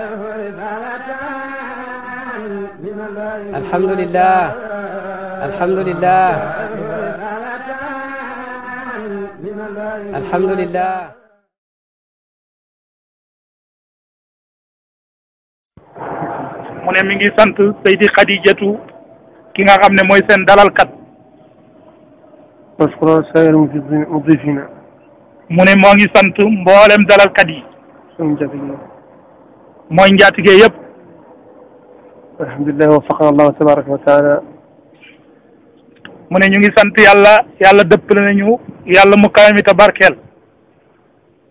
alhamdulilah alhamdulilah alhamdulilah. mu ne mi ngi sant Seydi Xadijatu ki nga xam ne mooy sen dalalkat. wasqura mu ne moo ngi sant mboolem dalalkat yi. mooy njaatige yëpp alhamdulilah wafaqana allahu tabaraka wa taala mu ne ñu ngi sant yàlla yàlla dëppale nañu yàlla mu kawe mi te barkeel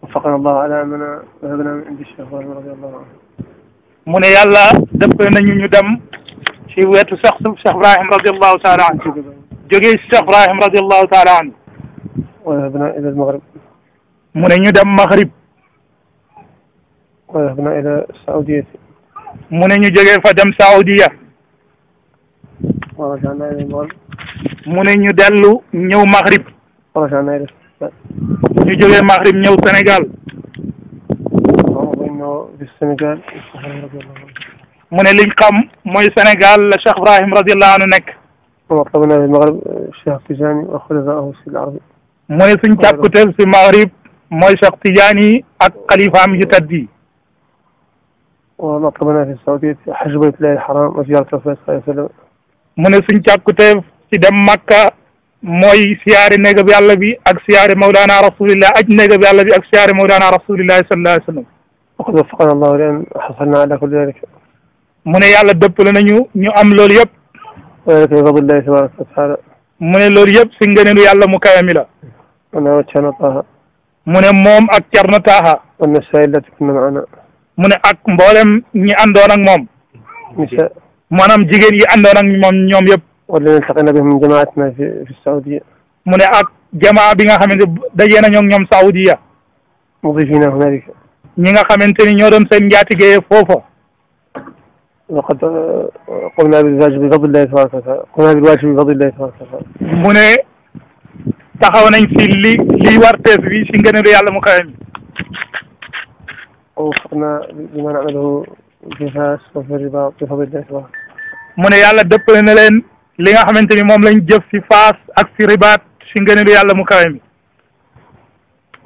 wafaqana allahu ala amana wahabana min indi cheikh ibrahima radi allahu anhu mu ne yàlla dëppale nañu ñu dem ci wetu sax cheikh ibrahima radi allahu taala anhu jógee si cheikh ibrahima radi allahu taala anhu wahabana ila almaghrib mu ne ñu dem maghrib وذهبنا إلى السعودية mu ne ñu jógee fa dem Saudiya ورجعنا إلى المغرب mu ne ñu dellu ñëw Maghrib ورجعنا إلى السودان ñu jógee Maghrib ñëw Sénégal وإنه في السنغال mu ne liñ xam mooy senegal la Cheikh Ibrahim radiyallahu anhu nekk ومطلبنا mu ne suñ càkkutéel si Maghrib mooy Cheikh Tidiane ak xalifaam yu tedd وما طلبناه في السعودية حج بيت الله الحرام وزيارة الرسول صلى الله عليه وسلم mu ne suñ càkkute ci dem Makka mooy siyaare néegab yàlla bi ak siyaare Mawlaana Rasulillah aj néegab yàlla bi ak siyaare Mawlaana Rasulillah sallallahu alayhi wa sallam waqad waffaqana Allahu li an hasalna ala kulli dalik mu ne yàlla dëppale nañu ñu am loolu yëpp wa dhalika min fadlillahi tabaraka wa taala mu ne loolu yëpp si ngëneelu yàlla mu kawe mi la ana wa Cerno Taaha mu ne moom ak Cerno Taaha wa nasaa'il lati kunna ma'ana mu ne ak mboolem ñi àndoon ak moom. incha maanaam jigéen yi àndoon ak moom ñoom yëpp. wala laqina bihum jamaatina fi fi saudiya mu ne ak jamaa bi nga xamante dajee nañoo ñoom saudiya mudifina hunalika ñi nga xamante ni ñoo doon seen njaatigee foofa. laqad euh, qumna bil waajib bi fadlillahi tabaraka wa taala qumna bil waajib bi fadlillahi tabaraka wa taala mu ne taxaw nañ si li li war teef bi si ngëneelu yàlla mu kawe ووفقنا بما نعمله في فاس وفي الرباط بفضل الله تبارك mu ne yàlla dëppale na leen li nga xamante ni moom lañ jëf si faas ak si ribaat si ngëneelu yàlla mu kawe mi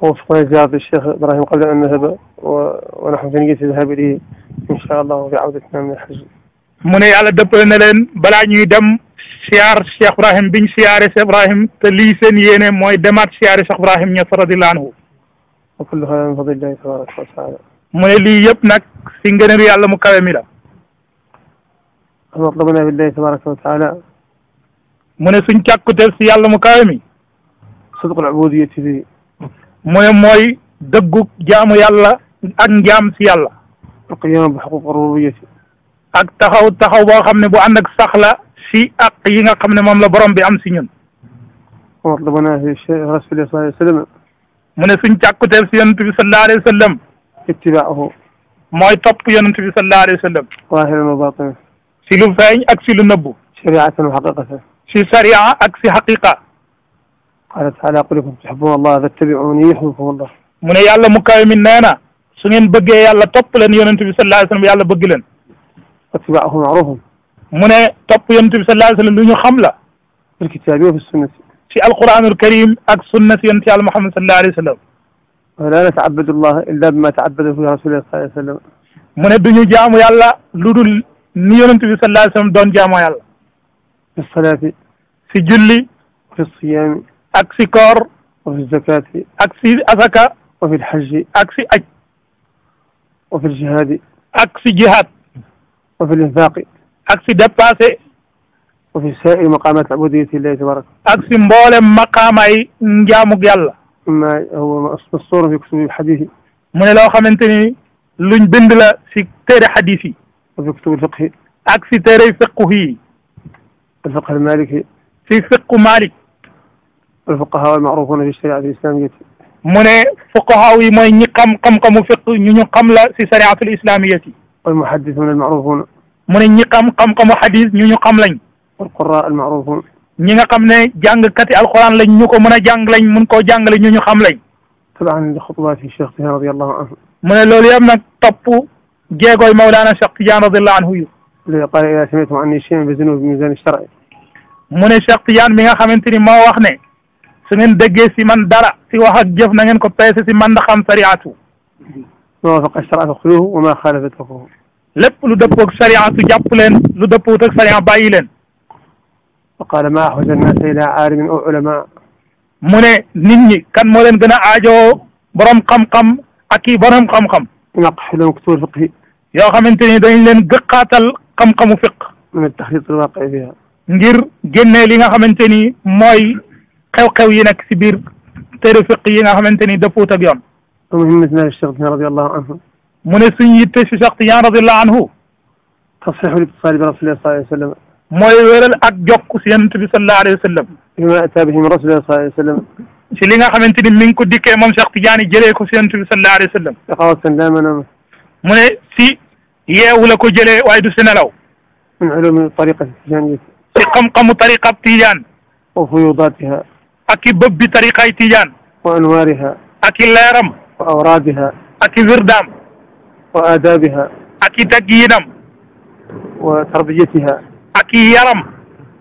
ووفقنا زيارة الشيخ إبراهيم قبل أن نذهب ونحن في نية الذهاب إليه إن شاء الله في عودتنا من الحج mu ne yàlla dëppale na leen balaa ñuy dem siyaar Cheikh Ibrahim biñ siyaare Cheikh Ibrahim te lii seen yéene mooy demaat siyaare Cheikh Ibrahim Ñas radiyallahu anhu wa kullu haadaa min fadlillahi tabaaraka wa taala mu ne lii yëpp nag si ngëneelu yàlla mu kawe mi la matlabuna billahi tabaraka wa taala mu ne suñ càkkuteef si yàlla mu kawe mi sidqul ubudiyati bi mu ne mooy dëggu jaamu yàlla ak njaam si yàlla alqiyaama bi xuquq rububiyati ak taxaw taxaw boo xam ne bu ànd ak saxla si ak yi nga xam ne moom la borom bi am si ñun matlabuna fi rasulillahi sallallahu alayhi wa sallam mu ne suñ càkkuteef si yonent bi sallallahu alayhi wa sallam ittibaahu mooy topp yonent bi sallallahu alayhi wa sallam waahiran wa baatinan si lu feeñ ak si lu nëbbu shariatan wa haqiqatan si sharia ak si haqiqa qaala taala qul in kuntum tuhibbuuna allaha fattabi'uuni yuhbibkumu allah mu ne yàlla mu kawe mi nee na su ngeen bëggee yàlla topp leen yonent bi sallallahu alayhi wa sallam yàlla bëgg leen ittibaahu ma'ruufun mu ne topp yonent bi sallallahu alayhi wa sallam lu ñu xam la fi l kitaabi wa fi sunnati si alquranul karim ak sunna si yonent yàlla muhammad sallallahu alayhi wa sallam wala nata'abbadu Allah illa bima ta'abbadahu rasulullah sallallahu alayhi wa sallam mu ne duñu jaamu yàlla lu dul ni yonent bi sallallahu alayhi wa sallam doon jaamoo yàlla fi salaati si julli fi siyaami ak si koor wa fi zakaati ak si asaka wa fi lxajji ak si aj wa fi ljihaadi ak si jihaad wa fi linfaaqi ak si dépassé wa fi saa'iri maqaamaati abudiyati llahi tabaraka ak si mboolem maqaamaay njaamug yàlla ma huwa masturun fi kutubil xadiis mu ne loo xamante ni luñ bind la si téere xadiis yi. wa fi kutubil fiqhi. ak si téere fiqhu yi. alfiqh almaliki. si fiqhu Malik. alfuqahaa almaarufuuna fi shariati alislamiya. mu ne fuqahaa yi mooy ñi xam xam-xamu fiq ñu ñu xam la si shariatul islamiya. walmuhaddisuuna almaarufuuna. mu ne ñi xam xam-xamu xadiis ñu ñu xam lañ. walquraa almaarufuuna. ñi nga xam ne jàngkati alquran lañ ñu ko mën a jàng lañ mun koo jàngale ñu ñu xam lañ. tabaan xutubaati Cheikh Tidiane radiyallahu anhu. mu ne loolu yëpp nag topp jéegooy Mawlana Cheikh Tidiane radiyallahu anhu yu. léegi qaala idaa sami'tum annii shay'an fazanuuhu bi miizaan ash-shar'i. mu ne Cheikh Tidiane mi nga xamante ni moo wax ne su ngeen déggee si man dara si wax ak jëf na ngeen ko peese si man ndax am sariatu. maa waafaqa ash-shar'a faxuduuhu wa maa xaalafa fatrukuuhu. lépp lu dëppoo ak sariatu jàpp leen lu dëppoo ak sariat bàyyi leen. waqaala maa axwaju annaasa ilaa aalimin aw ulamaa mu ne nit ñi kan moo leen gën a aajoo borom xam-xam ak kii borom xam-xam yaqxiluhum kutubu fiqhi yoo xamante ni dañ leen gëqaatal xam-xamu fiq min taxriit alwaaqi fiha ngir génne li nga xamante ni mooy xew-xew yi nekk si biir téere fiq yi nga xamante ni dëppuut ak yoon muhimmatunaa li Cheikh Tijaan radiyallahu anhu mu ne suñ yitte si Cheikh Tijaan radiyallahu anhu tasxiixu l-ittisaal bi rasulillahi sallallahu alayhi wa sallam mooy wéral ak jokk si yonent bi sallallahu alayhi wa sallam fi ma ataa bihi min rasulillahi sallallahu alayhi wa sallam si li nga xamante ni mi ngi ko dikkee moom Cheikh Tidiane jëlee ko si yonent bi sallallahu alayhi wa sallam axawatan laa manaama mu ne si yeewu la ko jëlee waaye du si nelaw min ulumi tariqa tijaaniya si xam-xamu tariqa tijaan wa fuyudaatiha ak i bëb bi tariqay tijaan wa anwaariha ak i leeram wa awraadiha ak i wirdaam wa aadaabiha ak i dagg yinam wa tarbiyatiha ak yaram.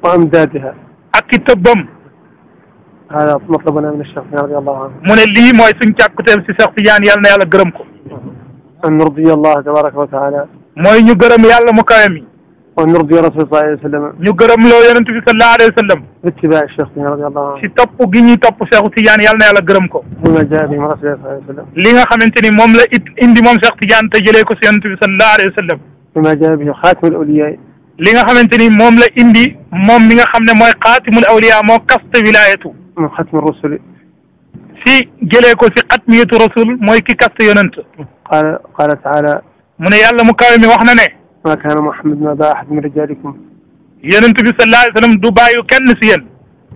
wa amdaadiha. ak ki tëbbam. hada matlabuna min Cheikh Tidiane radiyallahu anhu. mu ne lii mooy suñ càkkuteem si Cheikh Tidiane yàlla na yàlla gërëm ko. an nurdiya Allah tabaraka wa taala. mooy ñu gërëm yàlla mu kawe mi. wa nurdiya rasul sallallahu alayhi wa sallam. ñu gërëm loo yonent bi sallallahu alayhi wa sallam. ittibaa Cheikh Tidiane radiyallahu anhu. si topp gi ñuy topp Cheikh Tidiane yàlla na yàlla gërëm ko. bima jaa bihi min rasulillahi sallallahu alayhi wa sallam. li nga xamante ni moom la it indi moom Cheikh Tidiane te jëlee ko si yonent bi sallallahu alayhi wa sallam. bima jaa bihi xaatimul awliyaa li nga xamante ni moom la indi moom mi nga xam ne mooy xaatimul awliya moo kaste wilaayatu moom xatmu rasuli si jëlee ko si xatmiyatu rasul mooy ki kaste yonent qaala qaala taala mu ne yàlla mu kawe mi wax na ne maa kaana muhammadun abaa ahad min rijaalikum yonent bi sallallahu alayhi wa sallam du bàyyu kenn si yéen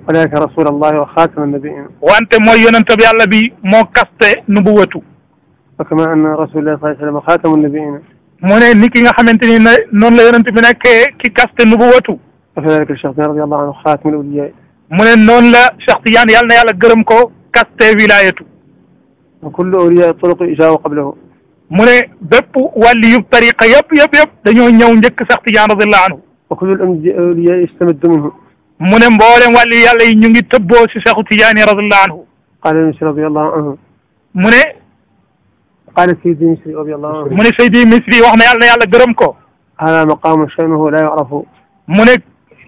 walakin rasul allahi wa xaatima nabiyin wante mooy yonent bi yàlla bi moo kaste nubuwatu wa kama anna rasulallahi sallallahu alayhi wa sallam xaatamu nabiyin mu ne ni ki nga xamante ni ne noonu la yonent bi nekkee ki kaste nu bu watu wa kadalika Cheikh Tidiane radiyallahu anhu xaatimul awliyaa mu ne noonu la Cheikh Tidiane yàlla na yàlla gërëm ko kaste wilaayatu wa kullu awliyaa turuqi ijaawu qablahu mu ne bépp wàlli yub tariqa yëpp yëpp yëpp dañoo ñëw njëkk Cheikh Tidiane radiyallahu anhu wa kullu awliyaa istamiddu minhu mu ne mboolem wàlli yàlla yi ñu ngi tëbboo si Cheikh Tidiane radiyallahu anhu qala Yunus radiyallahu anhu mu ne qaala Seydi Misri radiyallahu anhu mu ne Seydi Misri wax na yàlla yàlla gërëm ko hada maqaamu sha'nuhu la yu'rafu mu ne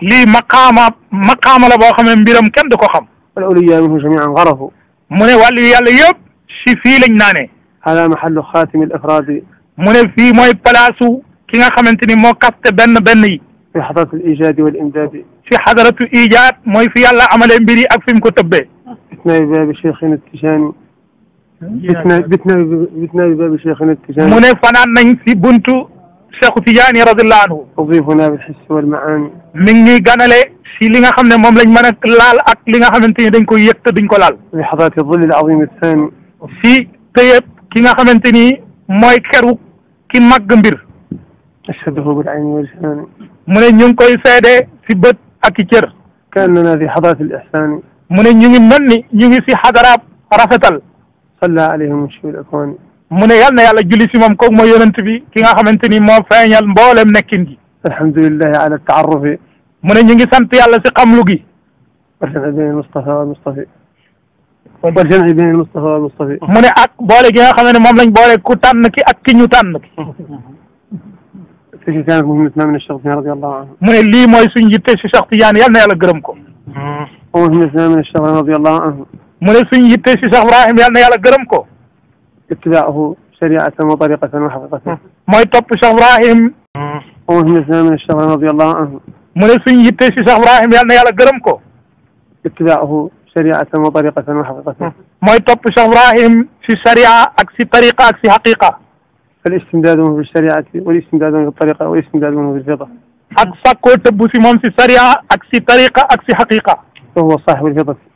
lii maqaama maqaama la boo xam ne mbiram kenn du ko xam wal awliyaa minhu jamii'an gharafu mu ne wàllu yàlla yëpp si fii lañ naane hada mahallu xaatimi al ifraadi mu ne fii mooy palaasu ki nga xamante ni moo kaste benn benn yi fi xadaratu al ijaadi wal imdaadi fi xadaratu ijaad mooy fi yàlla amalee mbir yi ak fi mu ko tëbbee isnaa bi baabi cheikhina tijaani bit na bit na na bi baabi Cheikhina Tijaani mu ne fanaan nañ si buntu Cheikhu Tijaani radiyallahu anhu udifuna bil hissi wal ñuy ganale si li nga xam ne moom lañ mën a laal ak li nga xamante ni dañ koy yëg te ko laal lihadaati dhilli al azim athani si tëyëb ki nga xamante ni mooy keru ki màgg mbir ashhadahu bil ayni ñu koy seede si bët ak i cër kaannana al ihsaani mu ne ñu ngi mel ni ñu salla alayhim mushfil akwani mu ne yal na yàlla julli si moom kooku mooy yonent bi ki nga xamante ni moo feeñal mboolem nekkin gi alhamdulillahi ala taarufi mu ne ñu ngi sant yàlla si xamlu gi warjami bayna almustafa walmustafi warjami bayna almustafa walmustafi mu ne ak boole gi nga xam ne moom lañ boole ku tànn ki ak ki ñu tànn ki sikaanat muhimmatunaa min Cheikh Tidiane radiyallahu anhu mu ne lii mooy suñu yitte si Cheikh Tidiane yal na yàlla gërëm ko wa muhimmatunaa min Cheikh Tidiane radiyallahu anhu mu ne suñ yitte si Cheikh Ibrahim yal na yàlla gërëm ko ittibaahu shariatan wa tariqatan wa xaqiqatan mooy topp Cheikh Ibrahim wa muhimmatina min Cheikh Ibrahim radiyallahu anhu mu ne suñ yitte si Cheikh Ibrahim yal na yàlla gërëm ko ittibaahu shariatan wa tariqatan wa xaqiqatan mooy topp Cheikh Ibrahim si sharia ak si tariqa ak si xaqiqa al istimdaadu minhu fi shariati wal istimdaadu minhu fi tariqa wal istimdaadu minhu fi lfida ak sàkkoo tëbb si moom si sharia ak si tariqa ak si xaqiqa wa huwa saaxibu lfidati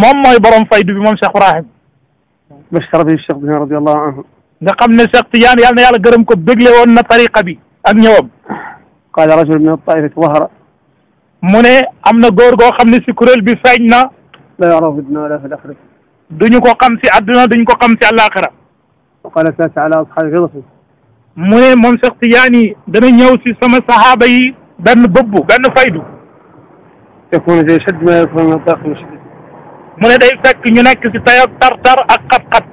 moom mooy borom faydu bi moom Cheikh Ibrahim mashtara bi Cheikh Ibrahim radiyallahu anhu nga xam ne Cheikh Tidiane yàlla na yàlla gërëm ko bégle woon na tariqa bi ak ñëwam qaala rajul min at-taa'ifati wahara mu ne am na góor goo xam ne si kuréel bi feeñ na la ya'rafu fi dunya wala fi al-axira duñu ko xam si adduna duñu ko xam si àllaaxira wa qaala saati ala ashaabi fidatin mu ne moom Cheikh Tidiane dana ñëw si sama sahaaba yi benn bëbbu benn faydu yakunu fi ashaddi ma yakunu min at-taa'ifati mu ne day fekk ñu nekk ci tayog tar-tar ak xat-xat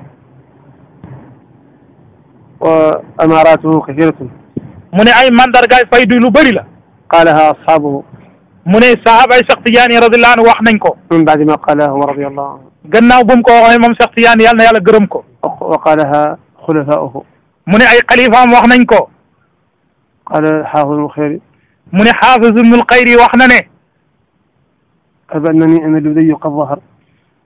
wa amaratuhu kasiratun mu ne ay mandargaay faydu lu bëri la qaalaha ashaabuhu mu ne sahabaay Cheikh Tidiane radiallahu anhu wax nañ ko min baadi ma qaalahum radiallahu anhu gannaaw bu mu ko waxee moom Cheikh Tidiane yàlla na yàlla gërëm ko wa qaalaha xulafaauhu mu ne ay xalifaam wax nañ ko qaala xaafiz alxayri mu ne xaafiz ibnul xayri wax na ne ab annani ana ludayyiq adahar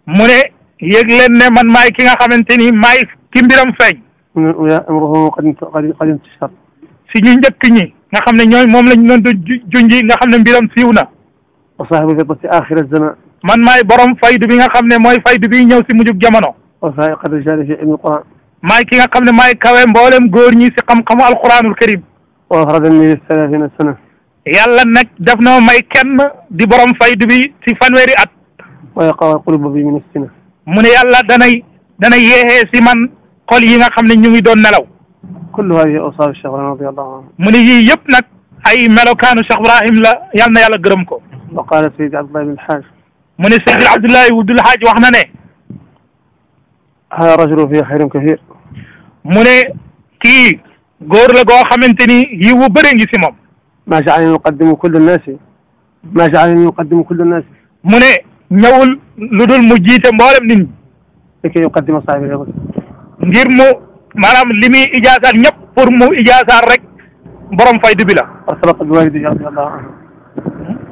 mu ne yëg leen ne man maay ki nga xamante ni maay ki mbiram feeñ. amruhu qad intashar. si ñu njëkk ñi nga xam ne ñooy moom lañ doon du junji nga xam ne mbiram siiw na. wa saahibu firdawsi aaxir zaman. man maay borom faydu bi nga xam ne mooy faydu bi ñëw si mujjug jamono. wa saa'iq rijaali fi ilmi alquran. maay ki nga xam ne maay kawe mboolem góor ñi si xam-xamu alquranul karim. wa afradani bi salaasina sana. yàlla nag daf na may kenn di borom faydu bi si fanweeri at. wa yaqaw quluba bi min as-sina mu ne yàlla danay dana yéexee si man xol yi nga xam ne ñu ngi doon nelaw kullu hadihi awsaafu Cheikh Ibrahim radiyallahu anhu mu ne yii yëpp nag ay melokaanu Cheikh Ibrahim la yal na yàlla gërëm ko wa qaala Seydi Abdullahi bin Haaj mu ne Seydi Abdullahi Wudul Haaj wax na ne hada rajulun fiihi xayrun kasiir mu ne kii góor la goo xamante ni yiw wu bëri ngi si moom maa ja'alanii uqaddimu kulla naasi maa ja'alanii uqaddimu kulla naasi mu ne ñëwul lu dul mu jiite mboolem nit ñi. fekkee yow kat ngir mu maanaam li muy ijaasaat ñëpp pour mu ijaasaat rek borom faydu bi la. wasalaatu bi walidi yàlla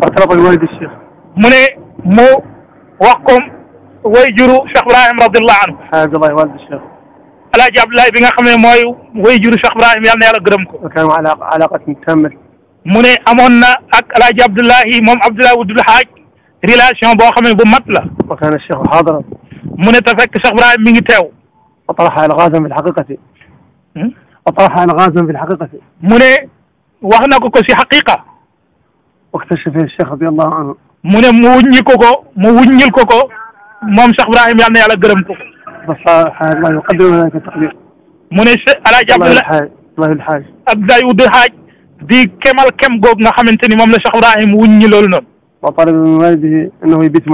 wasalaatu bi walidi cheikh mu ne mu wax ko way juru Cheikh Ibrahim radiyallahu anhu. alhamdulilah walidi cheikh. alaaji Abdoulaye bi nga xam ne mooy way juru Cheikh Ibrahim yàlla na yàlla gërëm ko. mu ne amoon na ak alaaji Abdoulahi moom Abdoulahi Wudul Haaj relation boo xam ne bu mat la. wa kaana cheikhu xaadiran. mu ne te fekk Cheikh Ibrahim mi ngi teew. wa talaxa al-gaazam fi l-xaqiqati. Hmm? wa talaxa al-gaazam fi l-xaqiqati. mu ne wax na ko ko si xaqiqa. waktashafa cheikh radiyallahu anhu. mu ne mu wuññi ko ko mu wuññil ko ko moom Cheikh Ibrahim yal na yàlla gërëm ko. alhamdulilah yuqaddimu daalika taqdiir. mu ne Che El Hadj Abdoulaye Abdoulaye Wade Hadj di kemal kem goog nga xamante ni moom la Cheikh Ibrahim wuññi loolu noonu. wa talabi min walidihi annahu yabit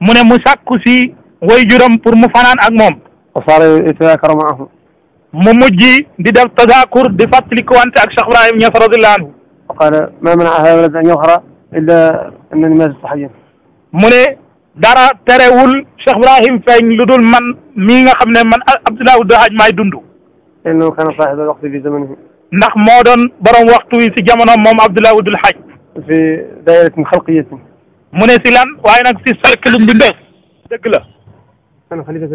mu ne mu sàkku si waajuram pour mu fanaan ak moom wa saara yatadaakaru maahu mu ji di def tazaakur di fàttaliku wante ak Cheikh Ibrahim Niass radiyallahu anhu wa qaala maa manaa haadaa walad an yafxara illaa annani maaristu saxiyyan mu ne dara terewul Cheikh Ibrahim feeñ lu dul man mii nga xam ne man Abdoulaye Wade Hadj maay dund innahu kaana saaxiba alwaqti fi zamanihi ndax moo doon borom waxtu wi si jamono moom Abdoulaye Wade Hadj fi daayiratin xalqiyatin mu ne si lan waaye nag si sarkalum bi mbéef la kana xalifa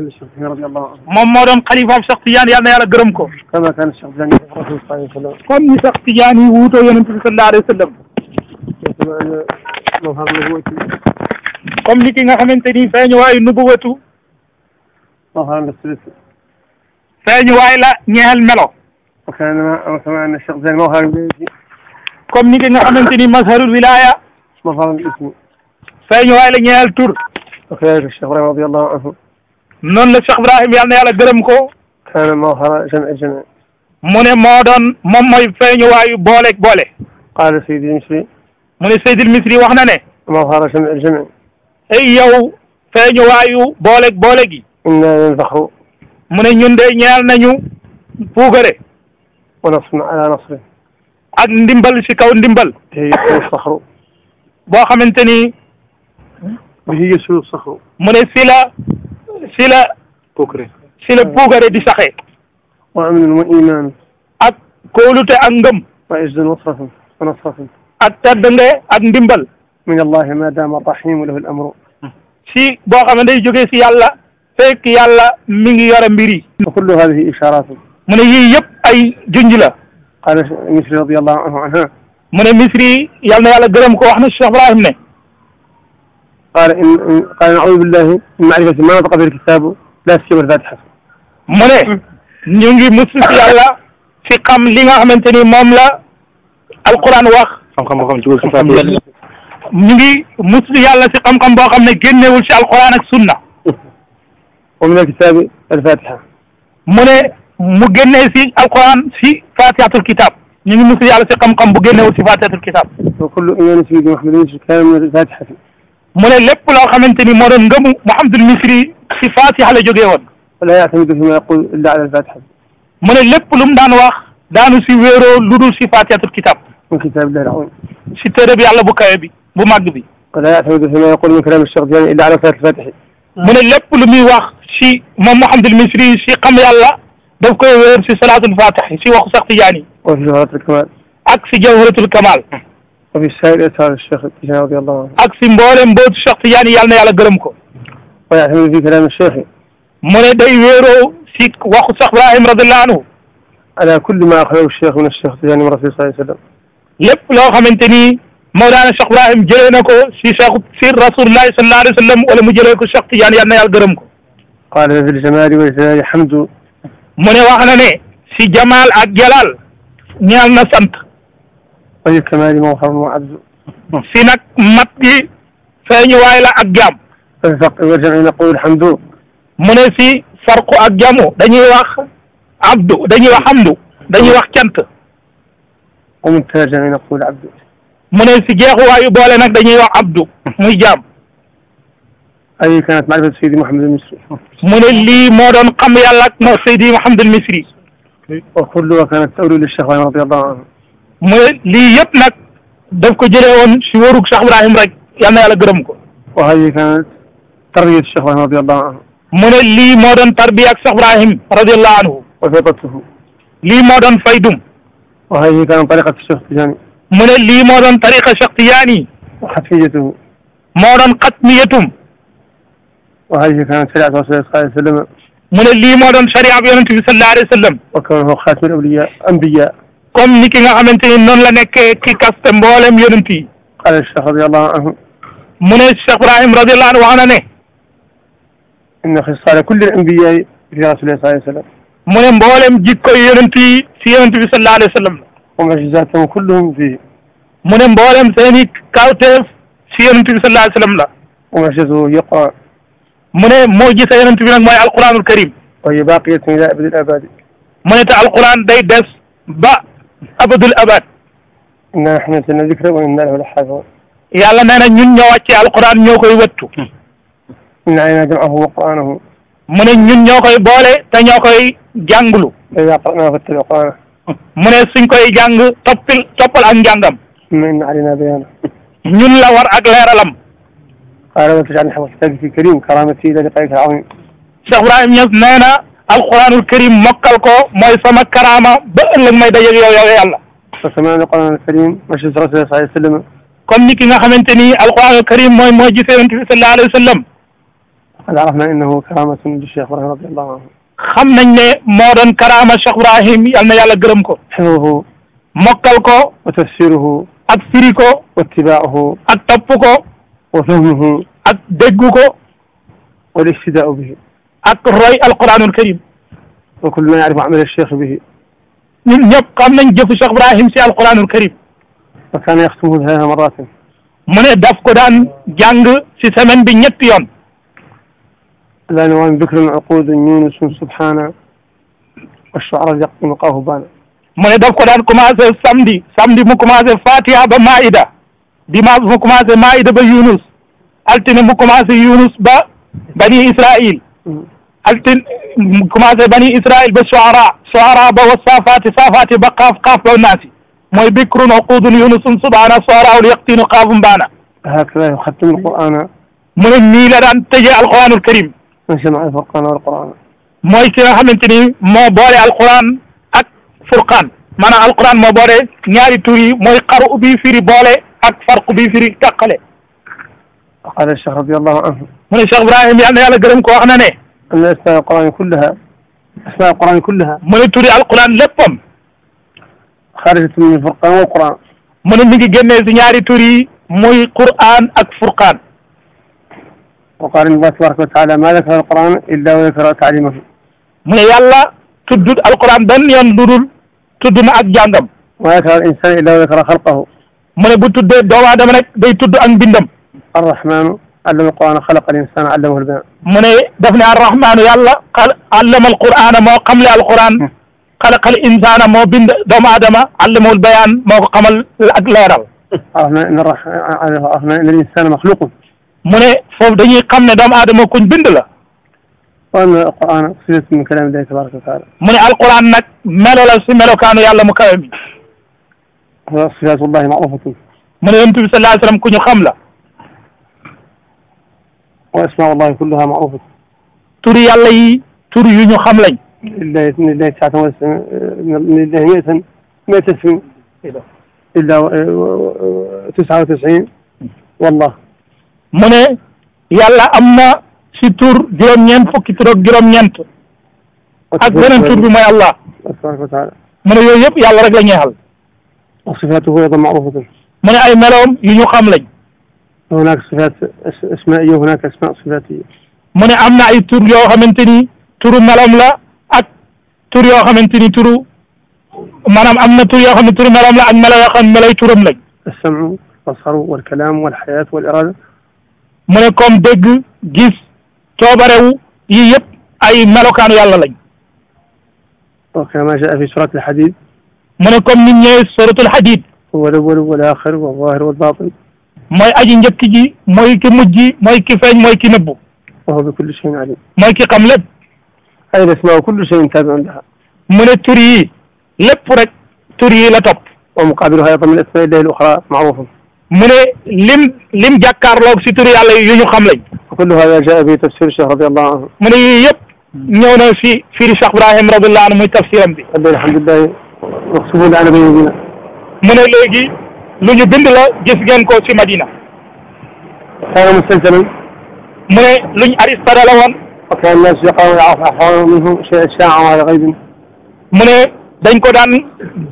moom moo doon xalifa Cheikh Tidiane yal na yàlla gërëm ko kama kana Cheikh Tidiane rasul sallallahu alayhi wa sallam comme ni Cheikh Tidiane yi wuutoo yonent bi sallallahu alayhi wa sallam ni ki nga xamante ni feeñu waayu nubuwatu la ñeexal melo comme ni nga xamante ni mazharul wilaya mafhaamul ismi fay ñu waay la ñeel tur وكذلك الشيخ إبراهيم رضي الله عنه noonu la Cheikh Ibrahim yal na yàlla gërëm ko kaana mawxara jam el jami mu ne moo doon moom mooy feeñu waayu booleeg boole qaala Seydil Misri mu ne Seydil Misri wax na ne mawxara jam el jami ay yow feeñu waayu booleeg boole gi inna nanfaxu mu ne ñun de ñeel nañu puugare wa nasrun ala nasrin ak ndimbal si kaw ndimbal. te saxru. boo xamante ni. bi yësul saxru. mu ne si la si la. puukare si la puukare di saxee. wa amin wa iman. ak kóolute ak ngëm. wa izzu nasrahum wa nasrahum. ak teddange ak ndimbal. min allahi ma daama rahimu lahu al amru. si boo xam ne day si yàlla. fekk yàlla mi ngi yore mbir yi. kullu hadihi isharat. mu ne yii yëpp ay junj la. qaala misri radiyallahu anhu mu ne misri yàlla na yàlla gërëm ko wax na Cheikh Ibrahim ne qaala in qaala naudu billahi min maarifati ma nataqa bihi alkitaabu la siyama zaati xasb mu ne ñu ngi musu ci yàlla ci xam li nga xamante ni moom la alquran wax xam-xam boo xam ne ci xam ñu ngi musu yàlla ci xam-xam boo xam ne génnewul ci alquran ak sunna wa min alkitaabi alfatiha mu ne mu génnee si alquran si fatihatul kitab ñu ngi musu yàlla si xam-xam bu génnewul si fatihatul kitab wa kullu imaani si Muhammadin si kaana min fatihatin mu ne lépp loo xamante ni moo doon ngëmu Muhammadul Misri si fatiha la jógee woon wala yaatamidu fi ma yaqul illa ala alfatiha mu ne lépp lu mu daan wax daanu si wéeroo lu dul si fatihatul kitab min kitaabillahi al-aziim si téere bi yàlla bu kawe bi bu màgg bi wala yaatamidu fi ma yaqul min kalaami Shaykh illa ala alfatiha mu ne lépp lu muy wax si moom Muhammadul Misri si xam yàlla daf koy wéer si salaatul fatih si waxu sax Tijaan yi. wa fi jawharatul kamal. ak si jawharatul kamal. wa fi saa'ir ashaar Cheikh Tijaan radiyallahu anhu. ak si mboolem mbootu Cheikh Tijaan yàlla na yàlla gërëm ko. wa ya'tamidu fi kalaami Cheikh. mu ne day wéeroo si waxu sax Ibrahim radiyallahu anhu. ala kulli ma axrajahu Cheikh min Cheikh Tijaan wa rasuul sallallahu alayhi wa sallam. lépp loo xamante ni Mawlaana Cheikh Ibrahim jëlee na ko si Cheikh si Rasuulullahi sallallahu alayhi wa sallam wala mu jëlee ko Cheikh Tijaan yàlla na yàlla gërëm ko. qaala fi l-jamaali wa l-jalaali hamdu mu ne wax na ne si jamal ak jalaal ñaal na sant wayu kamaali moom xam moo abdu si nag mat gi feeñu waay la ak jaam farq wajami naqul hamdu mu ne si farqu ak jamu dañuy wax abdu dañuy wax hamdu dañuy wax cant wa muntajami naqul abdu mu ne si jeexu waayu boole nag dañuy wax abdu mu jaam ay kanas maarifatu Seydi Mouhamadul Misri. mu ne lii moo doon xam yàlla ak moo Seydi Mouhamadul Misri. wa kulluha kanat tawlu li Cheikh Ibrahim radiyallahu anhu. mu ne lii yëpp nag daf ko jëlee woon si wóorug Cheikh Ibrahim rek yal na yàlla gërëm ko. wa hadihi kanat tarbiyatu Cheikh Ibrahim radiyallahu anhu. mu ne lii moo doon tarbiya ak Cheikh Ibrahim radiyallahu anhu. wa faydatuhu. lii moo doon faydum. wa hadihi kanat tariqatu Cheikh Tidiane. mu ne lii moo doon tariqa Cheikh Tidiane. wa xatmiyatuhu. moo doon xatmiyatum. وهذه كانت شريعة رسول الله صلى الله عليه وسلم mu ne lii moo doon sharia bi yonent bi sallallahu alayhi wa sallam wa kaana xaatimul awliya anbiya comme ni ki nga xamante ni noonu la nekkee ki kaste mboolem yonent yi qaala cheikh radiallahu anhu mu ne cheikh ibrahim radiallahu anhu wax na ne inna xisaala kulli anbiya fi rasulillahi sallallahu alayhi wa sallam mu ne mboolem jikkoy yonent yi si yonent bi sallallahu alayhi wa sallam wa mucjisaatuhum kulluhum fii mu ne mboolem seen i kawteef si yonent bi sallallahu alayhi wa sallam la wa mucjisatuhu yaqra mu ne moo gis yonent bi nag mooy alquranul karim wa yubaqiya ila abadil abadi mu ne te alquran day des ba abadul abad inna nahnu nazzalna dikra wa inna lahu lahafidun yàlla nee na ñun ñoo wàccee alquran ñoo koy wëttu inna alayna jam'ahu wa qur'anahu mu ne ñun ñoo koy boole te ñoo koy jànglu ida qara'nahu fattabi qur'anahu mu ne suñ koy jàng toppil toppal ak njàngam inna alayna bayana ñun la war ak leeralam قال وتجعلني حفظ كتابك الكريم كرامتي الى لقائك العظيم Cheikh Ibrahim Niass nee na alquranul karim mokkal ko mooy sama karaama ba ëllëg may dajeeg yow yow yàlla wa sami'na alquranul karim machi rasulullah sallallahu alayhi wa sallam comme ni ki nga xamante ni alquranul karim mooy mooy gisee yonent bi sallallahu alayhi wa sallam qad arafna innahu karamatun li Cheikh Ibrahim radiyallahu anhu xam nañ ne moo doon karaama Cheikh Ibrahim yal na yàlla gërëm ko xifduhu mokkal ko wa tafsiruhu ak firi ko wa ittibaahu ak topp ko wa fahmuhu ak déggu ko wal istidaau bihi ak roy alquranul karim wa kulluna yaarifu amala cheikh bihi ñun ñëpp xam nañ jëfu Cheikh Ibrahim si alquranul karim wa kaana yaxtumuhu talaata maratin mu ne daf ko daan jàng si semaine bi ñetti yoon ala nawaami bikrin uqudun yunusun subhana washuara yaqtinu qahubana mu ne daf ko daan commencé samedi samedi mu commencé fatiha ba maida bi ma bu ma commencé Maïda ba Yunus altine mu commencé Yunus ba bani Israil altine mu commencé bani Israil ba Shuara Shuara ba wa Safati Safati ba Qaaf Qaaf ba Naasi mooy bikrun uqudun Yunusun subhaana Shuara wal yaqtinu Qaafun baana. hakada yuxattim alqur'ana. mu ne nii la daan tëjee alquranul karim. majmaa alfurqana walqur'ana. mooy ki nga xamante ni moo boole alquran ak furqaan maanaam alquran moo boole ñaari tur yi mooy xaru bi firi boole. ak farq bi firi tàqale wa qala cheikh radiallahu anhu mu ne cheikh ibrahim yal na yàlla gërëm ko wax na ne anna asmaa alquran kullaha asmaa alquran kullaha mu ne turi alquran léppam xaarijatu min alfurqan wal quran mu ne mi ngi génnee si ñaari tur yi muy quran ak furqaan wa qaala allah tabaraka wa taala ma dakara alquran illa wa dakara taalimahu mu ne yàlla tuddut alquran benn yoon dudul tudd na ak jàngam wa dakara al insan illa wa dakara xalqahu mu ne bu tuddee doomu aadama nag day tudd ak mbindam arrahmanu allama alqurana xalaqa al insana allamahu al bayan mu ne daf ne arrahmanu yàlla xal allama alqurana moo xamle alquran hmm. xalaqa al insana moo bind doomu aadama allamahu al bayan moo ko xamal ak leeral arrahmanu inna arrahmanu inna al insana maxluqun mu ne foofu dañuy xam ne doomu aadama kuñ bind la وأن القرآن صفة من كلام الله تبارك وتعالى mu ne alquran nag melo la si melokaanu yàlla mu kawe mi sifaatullahi maarufatun mu ne yonent bi sallallahu alayhi wa sallam ku ñu xam la wa asmaullahi kulluha maarufatun tur yàlla yi tur yu ñu xam lañ lillahi lillahi tisaatun wa lillahi mi'atan ma tasmin illa tisaa wa tisin wallah mu ne yàlla am na si tur juróom-ñeent fukki tur ak juróom-ñeent ak beneen tur bi mooy Allah tabaraka wa taala mu ne yooyu yëpp yàlla rek la ñeexal wa sifaatuhu aydan ma'ruufatun mu ne ay meloom yu ñu xam lañ hunaaka sifaat ismaaiya hunaaka asmaa sifaatiya mu ne am na ay tur yoo xamante ni turu meloom la ak tur yoo xamante ni turu maanaam am na tur yoo xam ne turu meloom la ak melo yoo xam ne meloy turam lañ as-sam'u wal-basaru wal-kalaamu wal-hayaatu wal-iraada mu ne comme dégg gis toobarewu yi yëpp ay melokaanu yàlla lañ wa kamaa jaa fi surat al-hadiid mu ne comme nit ñëwee suratul hadid wala wala wala axir wa zahir wal batin mooy aji njëkk ji mooy ki mujj ji mooy ki feeñ mooy ki nëbbu wa huwa bi kulli shay'in alim mooy ki xam lépp ay asmaa kullu shay'in tabi'un laha mu ne tur yi lépp rek tur yi la topp wa muqabiluha aydan min asmaa illahi al-uxra ma'rufun mu ne lim lim jàkkaarloog si tur yàlla yu ñu xam lañ wa kullu hada jaa bi tafsir cheikh radiyallahu anhu mu ne yii yëpp ñëw na si firi cheikh ibrahim radiyallahu anhu muy tafsiram bi alhamdulillah wax suba daal dama yëngu nag. mu ne léegi lu ñu bind la gis ngeen ko ci Madina. xeeru musalsalan. mu ne luñ Aristote la woon. وكان الناس يقرأون العصر منه ساعة على غيب mu ne dañ ko daan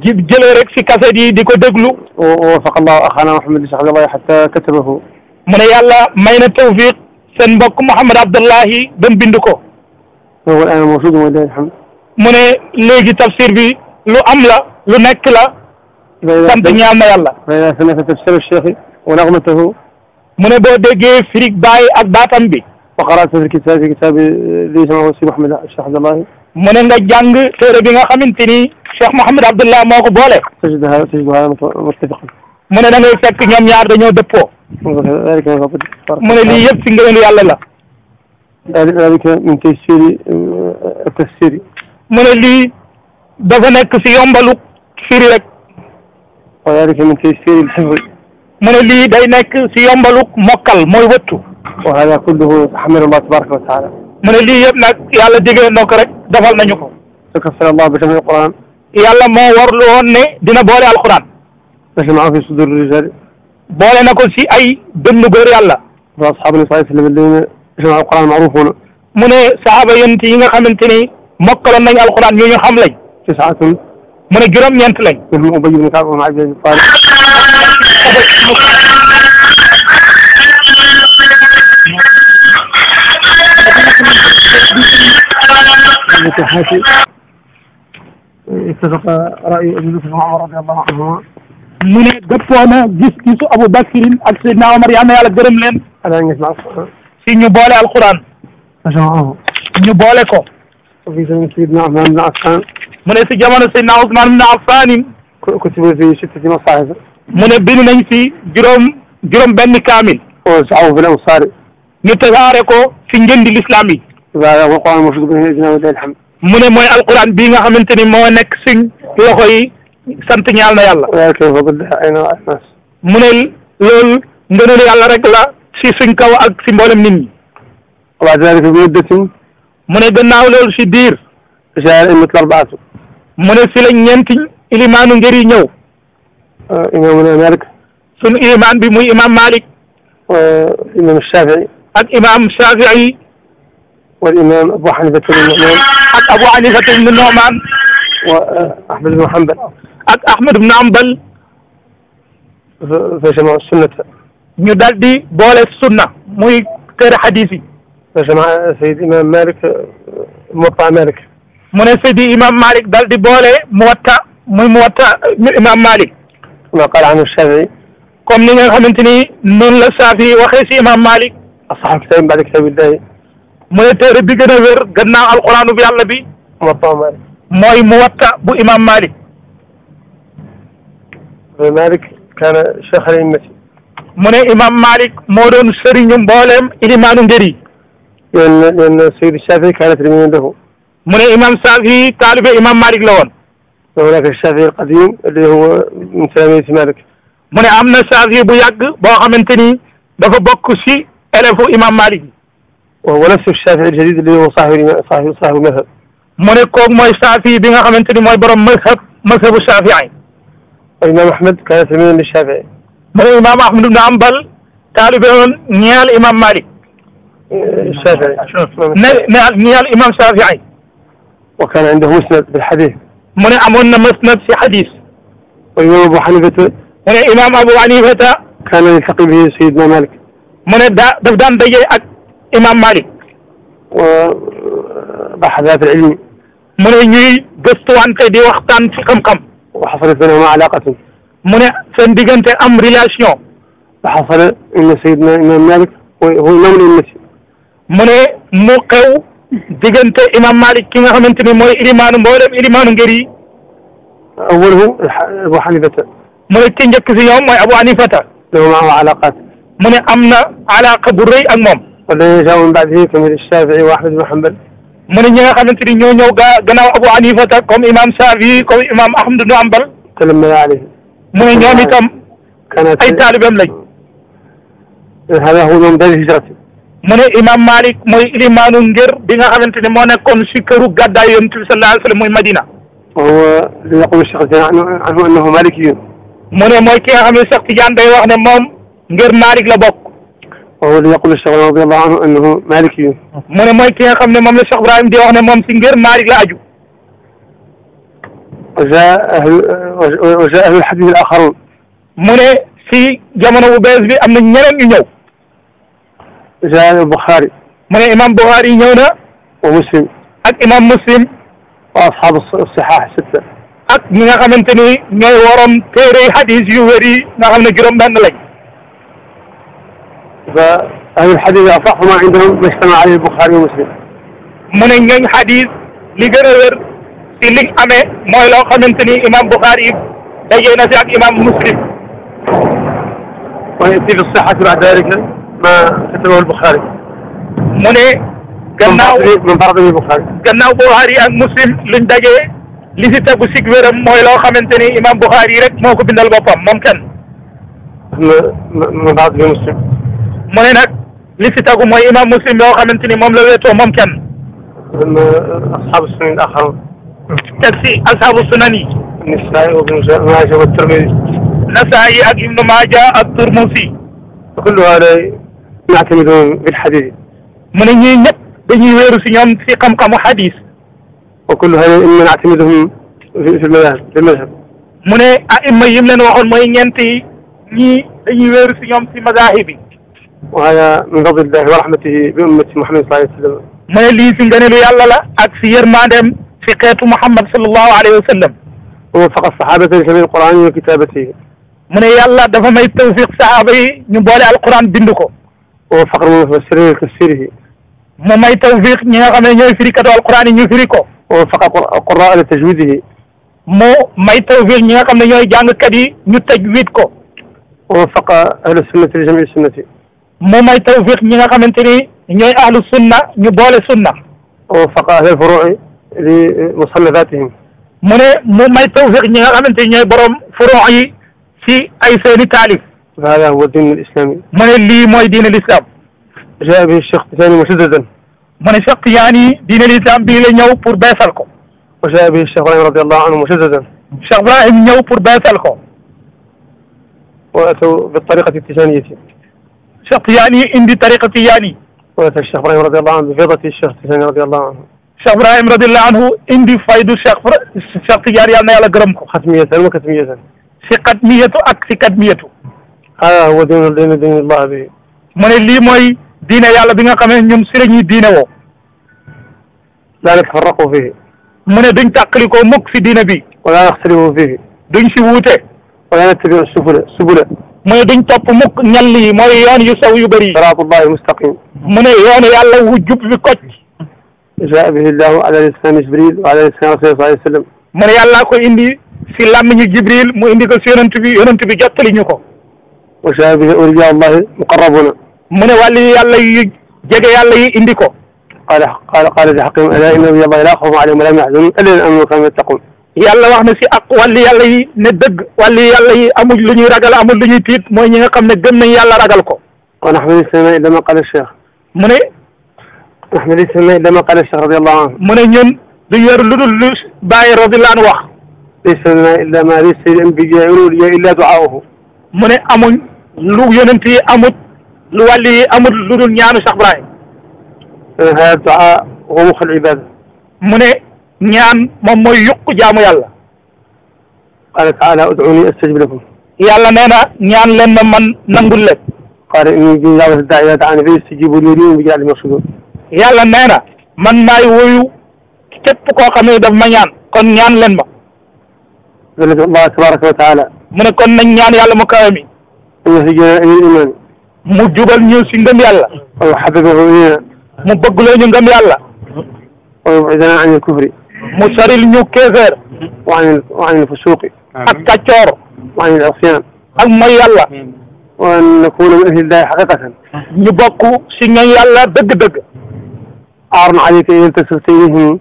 jëlee rek si kaset yi di ko déglu. ووفق الله أخانا محمد بن عبد الله حتى كتبه. mu ne yàlla may na tawfiq seen mbokk Mouhamed Abdallahi ba mu bind ko. وهو الآن موجود ولله الحمد. mu ne léegi tafsir bi. lu am la lu nekk la. sant ñaal na yàlla. mu ne boo déggee firig baay ak baatam bi. wa qaraata fi kitaabi kitaabi li samahu si Mouhamed Cheikh Abdallah. mu ne nga jàng téere bi nga xamante ni Cheikh Mouhamed Abdallah moo ko boole. tajidha tajidha muttafiqan. mu ne da ngay fekk ñoom ñaar dañoo dëppoo. mu ne lii yëpp si ngëneelu yàlla la. daalika min taysiri tafsiri. mu ne lii. dafa nekk si yombalu firi rek. mu ne lii day nekk si yombalu mokkal mooy wëttu. wa hada kulluhu hamdulillah tabaraka wa taala. mu ne lii yëpp nag yàlla digee na ko rek defal nañu ko. kaffara allah yàlla moo warlu woon ne dina boole alquran. majmaa fi sudur rijal. boole na ko si ay dënnu góor yàlla. wa ashabu nabi sallallahu alayhi wa sallam alladina jamaau alquran maarufuna. mu ne saxaaba yonent yi nga xamante ni mokkaloon nañu alquran ñu ñu xam lañ. تسعة mu ne juróom ñeent lañ ibnu ubay ibnu kaab ibnu abdul faris ittafaqa ra'yu abi bakr wa umar radiyallahu mu ne dëppoona gis gisu abu bakrin ak sidna omar yal na yàlla gërëm si ñu boole alquran ñu ko mu ne si jamono si Ousmane ibn Affan ku ci biir si si masaaxi mu ne bind nañ si juróom juróom benn kaamil. oo si aw bi la usaare. ñu tasaare ko si njëndi lislaam yi. waaw waaw ma fi mu ne mooy alquran bii nga xamante ni moo nekk suñ loxo yi sant ñaal na yàlla. mu ne loolu ngëneelu yàlla rek la si suñ kaw ak si mboolem nit ñi. waaw mu ne gannaaw loolu si diir. jaare imut larbaatu mu ne fi la ñeenti ilimaanu ngër yi ñëw ah, imaamunaa malik sunu ilimaan bi muy imaam malik ah, imaam shafii ak imaam shafii wal imaam abu xanifata ibnu noman ak abu xanifata ibnu noman wa ah, ahmad ibnu xambal ak ahmad ibnu xambal fa jamaa sunnata ñu daal di boole sunna muy kër xadis yi fa jamaa sayid imaam malik muwatta malik mu ne Seydi Imam Malik dal di boole Muwatta muy Muwatta Imam Malik. ma qaala anhu Shaafi'i. comme ni nga xamante ni noonu la Shaafi'i waxee si Imam Malik. asaxu kitaabin ba'da kitaabillahi. mu ne téere bi gën a wér gannaaw alquraanu bi yàlla bi. Muwatta Malik. mooy Muwatta bu Imam Malik. Malik kaana shaykha l-ummati. mu ne Imam Malik moo doon sëriñu mbooleem ilimaanu ngër yi. yéen yéen Seydi Shaafi'i kaana tilmiidan lahu mu ne imam Saafi taalibe imam Malik la woon. wa hunaka Shaafi al-qadiim alladhi huwa min talaamiizi Malik. mu ne am na Saafi bu yàgg boo xamante ni dafa bokk si élève imam Malik. wa huwa nafsu Shaafi al-jadiid alladhi huwa saahibu saahibu mazhab. mu ne kooku mooy Saafi bi nga xamante ni mooy borom mazhab mazhabu Shaafi'i. wa imam Ahmad kaana tamiiman li Shaafi'i. mu ne imam Ahmad ibn Hanbal taalibe woon ñeel imam Malik. Shaafi'i ne ne ñeel imam Shaafi'i وكان عنده مسند في الحديث من أمون مسند في حديث والإمام أبو حنيفة من إمام أبو حنيفة كان يلتقي به سيدنا مالك من دا دفدان دي إمام مالك وبحثات العلم من يجي قصتوان تدي وقتان في كم كم وحصل بينهما علاقة من سندقنت أم ريلاشيون وحصل إن سيدنا إمام مالك وهو إمام المسجد من مو قو diggante imam Malik ki nga xamante ne mooy ilimaanu mboolem ilimaanu ngër yi awwaluhu Abu Hanifata mu ne ki njëkk si ñoom mooy Abu Hanifata lahu maahu alaqat mu ne am na alaqa bu rëy ak moom walladina jaawu min baadihi kamil Shafii wa Ahmad bin Hanbal mu ne ñi nga xamante ni ñoo ñëw gaa gannaaw Abu Hanifata comme imam Shafii comme imam Ahmad bin Hanbal talammaa alayhi mu ne ñoom itam ay taalibeem lañ hada huwa nmudaj hijrati mu ne imam malik mooy ilimaanu ngir bi nga xamante ne moo nekkoon si këru gàddaay yonent bi sallallahu alayhi wa sallam muy madina wa huwa yaqulu Cheikh Tidiane anhu annahu malikiyun mu ne mooy ki nga xam ne Cheikh Tidiane day wax ne moom ngir malik la bokk wa huwa yaqulu Cheikh radiyallahu anhu annahu malikiyun mu ne mooy ki nga xam ne moom la Cheikh Ibrahim di wax ne moom si ngir malik la aju wa jaa ahlu wa jaa ahlul hadith al-axarun mu ne si jamono bu bees bi am na ñeneen ñu ñëw jaami Buxaari mu ne imam Buxaari ñëw na wa muslim ak imam muslim wa ashaabu sihah sitta ak ñi nga xamante ni ñooy waroon téere xadis yu wér yi nga xam ne juróom benn lañ fa ahlul xadis asaxu ma indahum majtama alayhi Buxaari wa muslim mu ne ñooñ xadis li gën a wér ci liñ amee mooy loo xamante ni imam Buxaari dajee na si ak imam muslim wa yati bi sihati ba'da dalika ma kataba al-Buxaari. mu ne. gannaaw moom Faradami Buxaari. gannaaw Buxaari ak Muslim luñ daje li si tegu sig wéram mooy loo xamante ni imaam Buxaari rek moo ko bindal boppam moom kenn. ma ma ma Faradami Muslim. mu ne nag li si tegu mooy imaam Muslim loo xamante ni moom la wéetoo moom kenn. ma asxaabu sunan axaroon. teg si asxaabu sunan yi. Nasaa'i wa Ibnu Maaja wa Tirmidi. Nasaa'i ak Ibnu Maaja ak Tirmidi. kullu haadaa يعتمدون بالحديث من ينب بني ويرو سنيوم في قم قم حديث وكل هذا إما نعتمدهم في المذهب في المذهب من أئمة يملن وحول ما ينتهي ني بني ويرو سنيوم في مذاهبي وهذا من فضل الله ورحمته بأمة محمد صلى الله عليه وسلم من اللي سنجنلو يالله لا أكسير مادم في قيت محمد صلى الله عليه وسلم ووفق الصحابة لجميع القرآن وكتابته من يالله دفع ما يتوفيق صحابي نبالي القرآن بندكو oo faqr wa fasirhi fasirhi mu may tawfiq ñi nga xam ne ñooy firikatu alquran yi ñu firi ko oo faqa qurra ala tajwidihi mu may tawfiq ñi nga xam ne ñooy jàngkat yi ñu tajwid ko oo faqa ahlu sunnati li jamii sunnati mu may tawfiq ñi nga xamante ni ñooy ahlu sunna ñu boole sunna oo faqa ahlu furui li musallafatihim mu ne mu may tawfiq ñi nga xamante ni ñooy borom furuu yi si ay seeni taalif فهذا هو الدين الإسلامي ما اللي موي دين الإسلام جاء به الشيخ الثاني مشددا من الشق يعني دين الإسلام بي لي نيو بور بيسالكو وجاء به الشيخ إبراهيم رضي الله عنه مشددا الشيخ إبراهيم نيو بور بيسالكو وأتوا بالطريقة التجانية الشيخ يعني عندي طريقة تجاني وأتى الشيخ إبراهيم رضي الله عنه بفضة الشيخ التجاني رضي الله عنه الشيخ إبراهيم رضي الله عنه عندي فايدو الشيخ الشيخ تجاني أنا يلا قرمكو ختمية وكتمية ختمية أك ختمية ala ah, wa dina dina dina baax bi mu ne lii mooy diine yàlla bi nga xamee ñun si la ñuy diine woo laa natafarraqu fii mu ne duñ tàqalikoo mukk si diine bi wala naxtalifu fii duñ si wuute wala nattabiu subula subula mu ne duñ topp mukk ñall yi mooy yoon yu saw yu bëri siraatullahi mustaqim mu ne yoonu yàlla wu jub bi kocc jaa bihi llahu ala lisani jibril wa ala lisani rasul sallallahu alayhi wa sallam mu ne yàllaa ko indi si làmmiñu jibril mu indi ko si yonent bi yonent bi jottali ñu ko wa saabihi awliyaullahi muqarrabuna mu ne wàlli yàlla yu jege yàlla yi indi ko qaala qaala qaala di xaqim ala inna awliyaullahi laa xawfun alayhim wa laa hum yaxzanun alladina amanu kaanu yattaqun yàlla wax na si ak wàlli yàlla yi ne dëgg wàlli yàlla yi amuj lu ñuy ragal amuj lu ñuy tiit mooy ñi nga xam ne gëm nañ yàlla ragal ko wa naxmadu sama illa ma qaala cheikh mu ne naxmadu sama illa ma qaala cheikh radiallahu anhu mu ne ñun du yor lu dul lu bàyyi radiallahu anhu wax laysa lana illa ma laysa lil anbiyaa wal awliyaa illa duaauhu mu ne amuñ lu yonent yi amut lu wàlli yi amut lu dul ñaanu Cheikh Ibrahim hada daa wa ruuxul ibaada mu ne ñaan moom mooy yuq jaamu yàlla qaala taala ud'uuni astajib lakum yàlla nee na ñaan leen ma man nangul leen qaala inni ujiibu da'wata daa'i idaa da'aani fa yastajiibuuni lii yàlla nee na man maay wuyu képp koo xam da daf ma ñaan kon ñaan leen ma Allah tabaaraka wa taala mu ne kon nañ ñaan yàlla mu kawe inna si jëna anil iman mu jubal ñu si ngëm yàlla wa habibahu ilina mu bëgg loo ñu ngëm yàlla wa yubidana anil kufri mu saril ñu kéeféer wa anil wa anil fusuqi ak kàccoor wa anil asiyaan ak mooy yàlla wa an nakuna min ahlillahi haqiqatan ñu bokk si ñoñ yàlla dëgg-dëgg aar na aleyka in tasafta ilayhim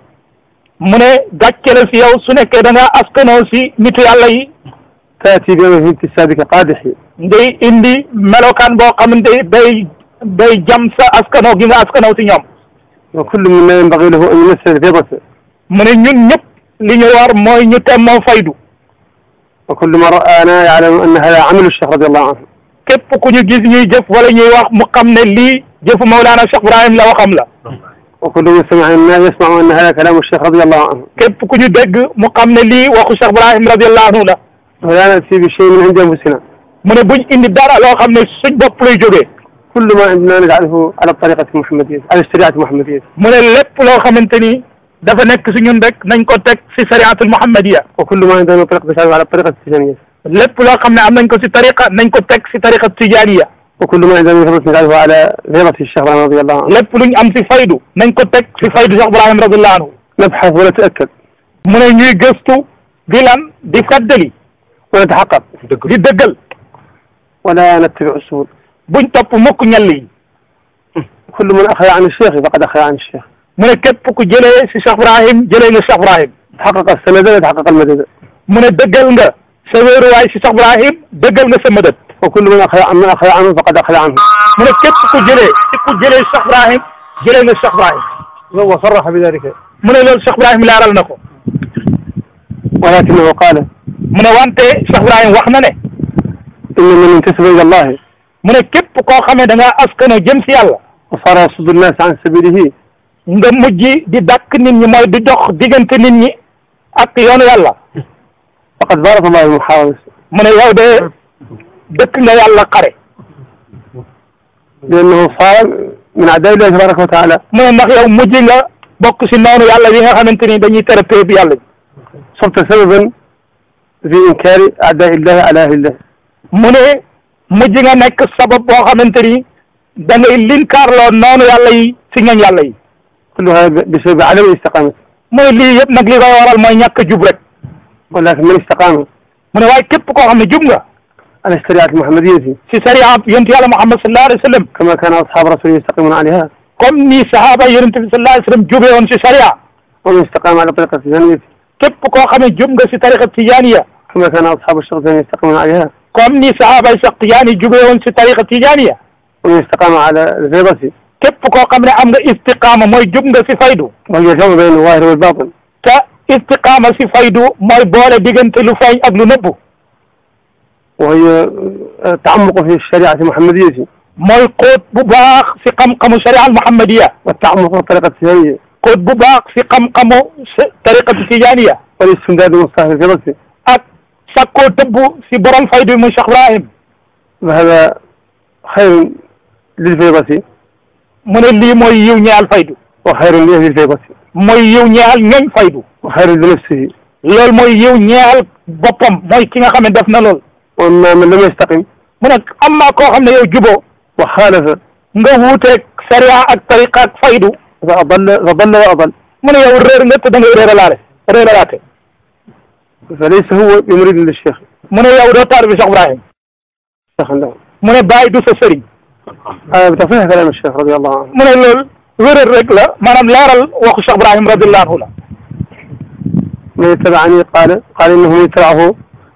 mu ne gàcce la si yow su nekkee da nga askanoo si nitu yàlla yi taati bi amahim ti sadika qaadixi day indi melokaan boo xamante day day jam sa askanaw gi nga askanaw si ñoom wa kullu min na yanbaghi lahu an yumassal mu ne ñun ñëpp li ñu war mooy ñu temmoo faydu wa kullu man ra'ana ya'lamu anna hada ku ñu gis ñuy jëf wala ñuy wax mu xam ne lii jëfu Mawlana Cheikh Ibrahim la waxam la wa kullu man sami'a ku ñu dégg mu xam ne lii waxu Cheikh Ibrahim radiyallahu anhu la wa la na'ti bi shay'in min indi anfusina mu ne buñ indi dara loo xam ne suñ bopp lay jógee kullu ma naa naj'aluhu ala tariqati muhammadiyya ala shariati muhammadiyya mu ne lépp loo xamante ni dafa nekk si ñun rek nañ ko teg si shariatul muhammadiyya wa kullu ma indana tariqati ala tariqati tijaniyya lépp loo xam ne am nañ ko si tariqa nañ ko teg si tariqa tijaniyya wa kullu ma indana naj'aluhu ala faydati cheikh Ibrahim radiyallahu anhu lépp luñ am si faydu nañ ko teg si faydu cheikh Ibrahim radiyallahu anhu nabhas wa nata'akkad mu ne ñuy gëstu di lan di fàttali wa natahaqqaq di dëggal wala nattabiu subul buñ topp mukk ñall yi kullu man axra an cheikh yi faqad axra an cheikh mu ne képp ku jëlee si Cheikh Ibrahim jëlee nga Cheikh Ibrahim taxaqaqa sanada taxaqaqa almadada mu ne dëggal nga sa wéeruwaay si Cheikh Ibrahim dëggal nga sa madad wa kullu man axra man axra anhu faqad axra anhu mu ne képp ku jëlee si ku jëlee Cheikh Ibrahim jëlee nga Cheikh Ibrahim wa sarraha bi dalika mu ne loolu Cheikh Ibrahim laaral na ko walakin wa qaala mu ne wante Cheikh Ibrahim wax na ne inna min tasbiga allahi mu ne képp koo xamee da ngaa askana jëm si yàlla fara sudunnas an sabilihi nga mujj di dàkk nit ñi mooy di dox diggante nit ñi ak yoonu yàlla faqad baraka allahu muhaawis mu ne yow de dëkk nga yàlla xare liannahu sara min adaa illahi tabaraka wa taala mu ne ndax yow mujj nga bokk si noonu yàlla yi nga xamante ni dañuy tere péeb yàlla bi surta sababan fi inkaari adaa illahi ala ahlillahi mu ne mujj nga nekk sabab boo xamante ni da ngay linkaarloo noonu yàlla yi ci ñooñ yàlla yi kullu hada bi sababi adam istiqamat mooy lii yëpp nag li koy waral mooy ñàkk jub rek walakin man istiqaama mu ne waaye képp koo xam ne jub nga ala shariat muhammadiyati si shariat yonent yàlla muhammad sallallahu alayhi wa sallam kama kaana ashaabu rasuli yastaqimuuna alayha comme ni sahaba yonent bi sallallahu alayhi wa sallam jubee woon si sharia wa man istiqaama ala tariqa tijaaniyati képp koo xam ne jub nga si tariqa tijaaniya kama kaana ashaabu shirk yastaqimuuna alayha comme ni saxaabay sax tijaani jubee woon si tariqa tijaaniya man istaqaama ala firdawsi képp koo xam ne am nga istiqaama mooy jub nga si faydu wal jamacu bayna zaahir wal baatin te istiqaama si faydu mooy boole diggante lu feeñ ak lu nëbbu wa hiya taamuqu fi shariati muhammadiyati mooy xóot bu baax si xam-xamu shariat muhammadiya wa taamuqu fi tariqa tijaaniya xóot bu baax si xam-xamu tariqa tijaaniya wal istimdaad mustahil firdawsi fàkk koo tëbb si borom faydu muy Cheikh Ibrahim wa hada xayrun lil faydati mu ne lii mooy yiw ñaal faydu wa xayrun li ahlil faydati mooy yiw ñaal ñooñ faydu wa xayrun li nafsihi loolu mooy yiw ñaal boppam mooy ki nga xam ne def na lool amma man lam yastaqim mu ne amma koo xam ne yow juboo wa xaalafa nga wuuteeg sariya ak tariqa ak faydu fa adalla fa dalla wa adal mu ne yow réer nga te da ngay réer alaale réer alaate falaysa huwa bi muridin li cheikh mu ne yow doo taalibu Cheikh Ibrahim Cheikh Ndaw mu ne bàyyi du sa sëriñ a tafiha kalaam cheikh radiyallahu anhu mu ne loolu wéral rek la maanaam leeral waxu Cheikh Ibrahim radiyallahu anhu la man ittabaani qaala qaala innahu man ittabahu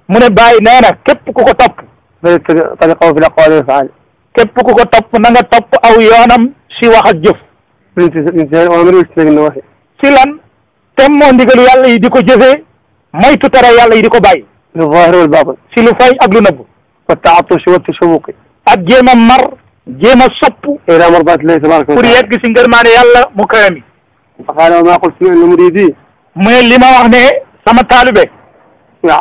mu ne bàyyi nee na képp ku ko topp fal tariqahu fil aqwaali wal afaal képp ku ko topp na nga topp aw yoonam si wax ak jëf ci lan tem moo ndigalu yàlla yi di ko jëfee moytu tere yàlla yi di ko bàyyi lu zahir wal baatin si lu fay ak lu nëbbu wa taatoshi wa tashamuqi ak jéem a mar jéem a sopp ila mardaatillahi tabaraka wa taala pour yegg si ngërmaane yàlla mu kawe mi faqaala wa maa qultu illa muridi mu ne li ma wax ne sama taalibe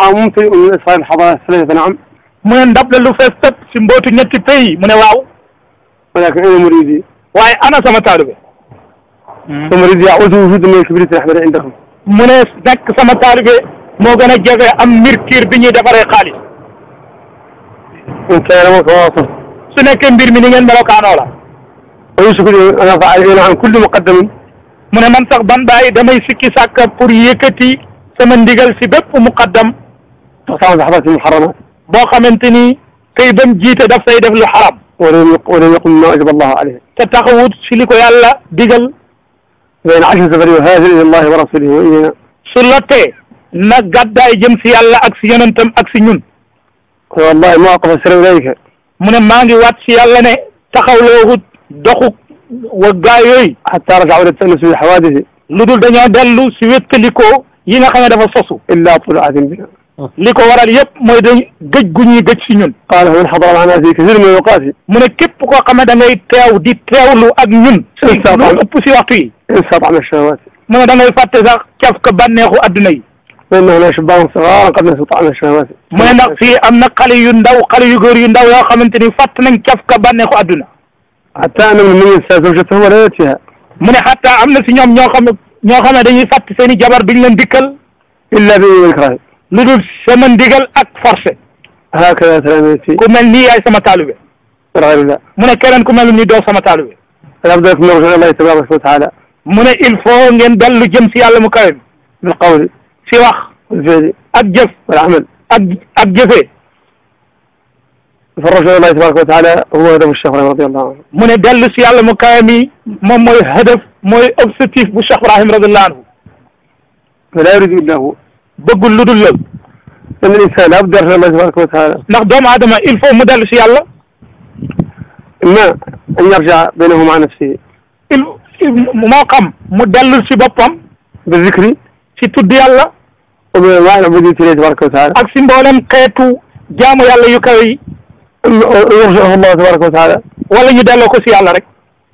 amum tay min asrar alxadara salafa naam mu ne ndab la lu fees tëpp si mbootu ñetti pays mu ne waaw walakin ina muridi waaye ana sama taalibe sa muridi audu wujud min kibriti rahmati indakum mu ne nekk sama moo gën a jege am mercure bi ñuy defaree xaalis. ok su nekkee mbir mi ni ngeen melokaanoo la. loolu su ko jëlee ana fa ay an kulli muqaddamin mu ne man sax ban bàyyi damay sikki sàkka pour yëkkati sama ndigal si bépp muqaddam. taxaw na xabaar si mu xarama. boo xamante ni kay bam jiite daf say def lu xaram. wala wala yaqum ma ajaba allahu alayhi. te taxawut si li ko yàlla digal. bayn ashri safari wa haajir ila allahi wa rasulihi wa ilayna. su lottee. na gàddaay jëm si yàlla ak si yonentam ak si ñun wallahi maa ko fa sërëwlayka mu ne maa ngi waat si yàlla ne taxawloohu doxuk wa gaa yooyu xataa rajaw ila taalus bil xawaadisi lu dul dañoo dellu si wéttalikoo yi nga xam ne dafa sosu illaa tulaatin bi li ko waral yëpp mooy dañ gëj gu ñuy gëj si ñun qaala man xadara maanaa fi kasir min awqaati mu ne képp koo xam ne da ngay teew di teewlu ak ñun lu ëpp si waxtu yi in saat an shahawaat mu da ngay fàtte bànneexu adduna yi فإنه لا يشبعهم صغارا قبل أن تطعم شهواته mu ne nag fii am na xale yu ndaw xale yu góor yu ndaw yoo xamante ni fàtt nañ caf ka bànneexu àdduna xataa anam la mun zawjatahu wa la yatiha mu ne xataa am na si ñoom ñoo xam ñoo xam ne dañuy fàtt seen i jabar duñ leen dikkal illa bi ikraah lu dul sama ndigal ak forcé hakada talamiti ku mel nii yaay sama taalibe alhamdulilah mu ne keneen ku mel ni doo sama taalibe alhamdulilah Allah tabaraka wa taala mu ne il faut ngeen dellu jëm si yàlla mu kawe bil qawli ci wax ak jëf rahman ak ak jëfee fa rasulullah tabaraka wa taala huwa hadafu cheikh ibrahim radiallahu anhu mu ne dellu si yàlla mu kawe mi moom mooy hadaf mooy objectif bu cheikh ibrahim radiallahu anhu laa yuridu illa hu bëggul lu dul lal an insan la abdu rasulullah tabaraka wa taala ndax doomu aadama il faut mu dellu si yàlla imma an yarja baynahum maa nafsi il moo xam mu dellu si boppam bi zikri ci tudd yàlla wana budi tire tabaraka wa taala ak si mboolem xeetu jaamu yàlla yu kaw yi yurji'uhu llahu tabaraka wa taala wala ñu delloo ko si yàlla rek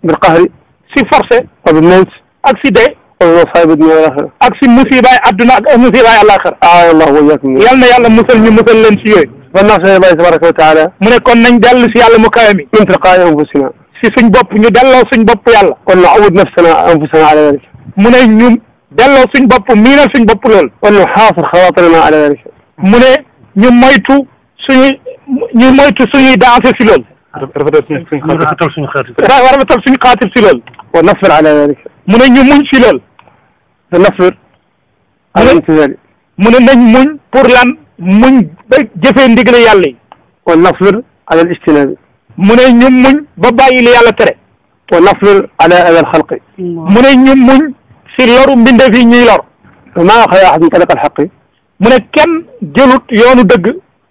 bil qahri si forcé wa bil mawt ak si dee wa bi masaa'ibi dunya wal axira ak si musibaay adduna ak musibaay alaxira a'aana allahu wa iyyakum yal na yàlla musal ñu musal leen ci yooyu ba naxsha llaaha tabaraka wa taala mu ne kon nañ dellu si yàlla mu kawe mi min tilqaa'i anfusina si suñ bopp ñu delloo suñ bopp yàlla kon na'awwid nafsana anfusana ala dalik mu ne ñun delloo suñ bopp miinal suñ bopp lool wala xaafir xawaatirana ala dalik mu ne ñu moytu suñuy ñu moytu suñuy dansé si lool rafetal suñu rafetal suñu xaatir rafetal suñu xaatir si lool wa nasbir ala dalik mu ne ñu muñ si lool wa nasbir al mu ne nañ muñ pour lan muñ ba jëfee ndigal yàlla yi wa nasbir ala al ijtinaabi mu ne ñu muñ ba bàyyi li yàlla tere wa nasbir ala al xalqi mu ne ñu muñ ngir loru mbindeef yi ñuy lor maa axada ahadun tariqa alxaqi mu ne kenn jëlut yoonu dëgg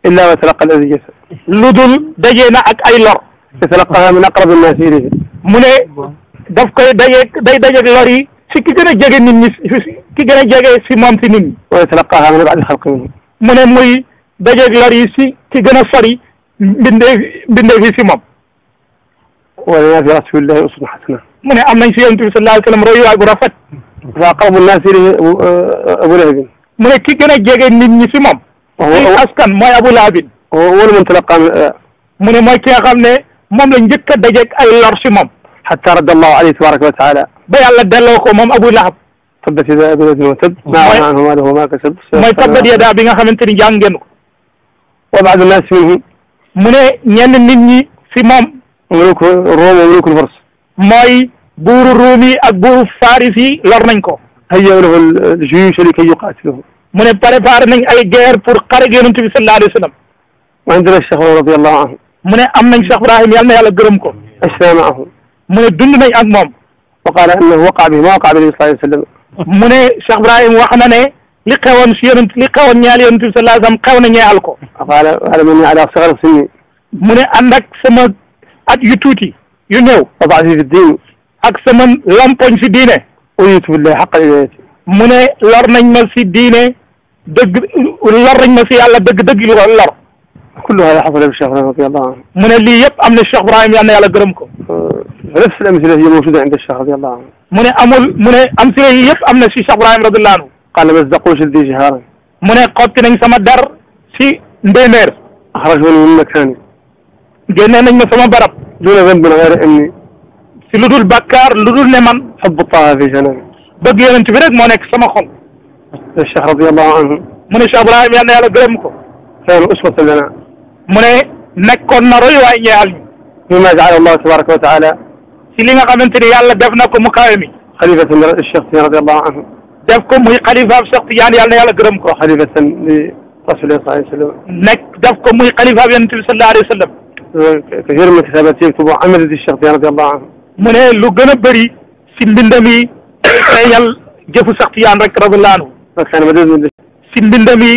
illaa wa talaqa al adiyya lu dul dajee na ak ay lor te talaqaha min aqrabi nnaasi ilayhi mu ne daf koy dajeeg day dajeeg lor yi si ki gën a jege nit ñi ki gën a jege si moom si nit ñi wa yatalaqaha min ba'di xalqihi mu ne muy dajeeg lor yi si ki gën a sori mbindeef mbindeef yi si moom wa lanaa fi rasulillahi uswatun hasana mu ne am nañ si yonent bi sallallahu alayhi wa sallam royuwaay bu rafet waaw xaw ma naa siri euh, euh, Abu Lahab mu ne ki gën a jege nit ñi si moom. waaw oh, waaw oh, oh. askan mooy Abu Lahab. wala man talaqaa euh. mu ne mooy ki nga xam ne moom la njëkk a dajeeg ay lor si moom. xataa radda allahu alayhi tabaraka wa taala. ba yàlla delloo ko moom Abu Lahab. tabbat yadaa abii lahabin wa tab. maa aghnaa anhu maaluhu wa maa kasab. mooy tabbat yadaa bi nga xamante ni jàng ngeen ko. wa ba'du naas minhum. mu ne ñenn nit ñi si moom. mulku Room wa mulku Fars. mooy. buuru ruum ak buuru faris yi lor nañ ko hayya lahu al-juyush euh, li kay yuqatiluhu mu ne préparé nañ ay guerre pour xare yonent bi sallallahu alayhi wa sallam wa indana Cheikh radiyallahu anhu mu ne am nañ Cheikh Ibrahim yàlla na gërëm ko asna maahu mu ne dund ak moom wa qaala annahu waqaa bihi ma waqaa bi nabi sallallahu alayhi wa sallam mu ne Cheikh Ibrahim wax na ne li xewoon si yonent li xewoon ñaal yonent bi sallallahu alayhi wa sallam xew na ñeexal a qaala qaala minni ala saghri sinni mu ne ànd ak sama at yu tuuti yu néew wa da'fi fi diin ak sama lampoñ si diine uyutu billahi xaqa mu ne lor nañ ma si diine dëgg lor nañ ma si yàlla dëgg-dëgg yu ko lor kullu hada xasala bi Cheikh Ibrahim radiyallahu anhu mu ne lii yëpp am na Cheikh Ibrahim yal na yàlla gërëm ko nafs al-amthila hiya mawjuda inda Cheikh radiyallahu anhu mu ne amul mu ne amthila yi yëpp am na si Cheikh Ibrahim radiyallahu anhu qala mazdaqu jildi jihaaran mu ne xotti nañ sama dar si ndéeméer axrajuni min makaani génne nañ ma sama barab duna dambin gayra anni si lu dul bàkkaar lu dul ne man xubbu taha fi janabi bëgg yonent bi rek moo nekk sama xol cheikh radiallahu anhu mu ne cheikh ibrahima yal na yàlla gërëm ko kaana uswatan lana mu ne nekkoon na roy waay ñeexal ñu mima jaala allahu tabaraka wa taala si li nga xamante ni yàlla def na ko mu kawe mi xalifatan cheikh tidiane radiallahu anhu def ko muy xalifaab cheikh tidiane yal na yàlla gërëm ko xalifatan li rasulillahi sallallahu alayhi wa sallam nekk def ko muy xalifaab yonent bi sallallahu alayhi wa sallam كثير من الكتابات يكتب عن مدد الشيخ رضي الله عنه mu ne lu gën a bëri si mbindam yi feeñal jëfu sax tiyaan rek radiyallaahu anhu si mbindam yi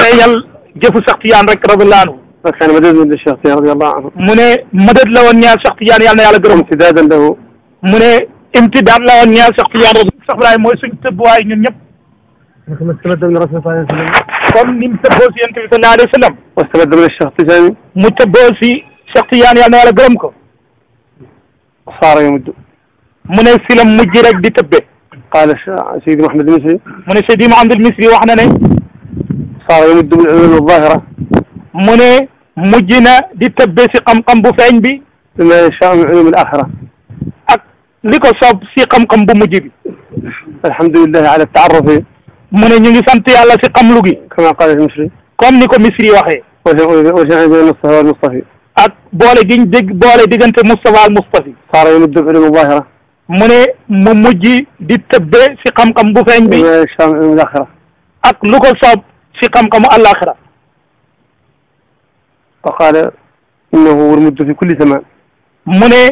feeñal jëfu sax tiyaan rek radiyallaahu anhu كان مدد من الشيخ تيان رضي الله عنه من مدد لو نيال شيخ تيان يالنا يالا غرم امتدادا له من امتداد لو نيال شيخ تيان رضي الله عنه موي سن تبواي ñun ñep كما استمد من رسول الله صلى الله عليه وسلم كم نيم تبوسي انت صلى الله عليه وسلم واستمد من الشيخ تيان متبوسي شيخ تيان يالنا يالا غرم كو saara yu mujj mu ne si la mujj rek di tëbbe qaala seydi Mouhamed al Misri mu ne seydi Mouhamed al Misri wax na ne saara yu mujj min ulum zahira mu ne mujj na di tëbbe si xam-xam bu feeñ bi lima yashaa min ulum al axira ak li ko soob si xam-xam bu mujj bi alhamdulillahi ala taarufi mu ne ñu ngi sant yàlla si xamlu gi kama qaala al Misri comme ni ko Misri waxee ak boole giñ dégg boole diggante Moustapha ak Moustaphi saara yulu dëfri mu baxira mu ne mu mujj di tëbbee si xam-xam bu feeñ bi laxira ak lu ko soob si xam-xamu àllaaxira wa qaala innahu wurmuddu fi kulli zaman mu ne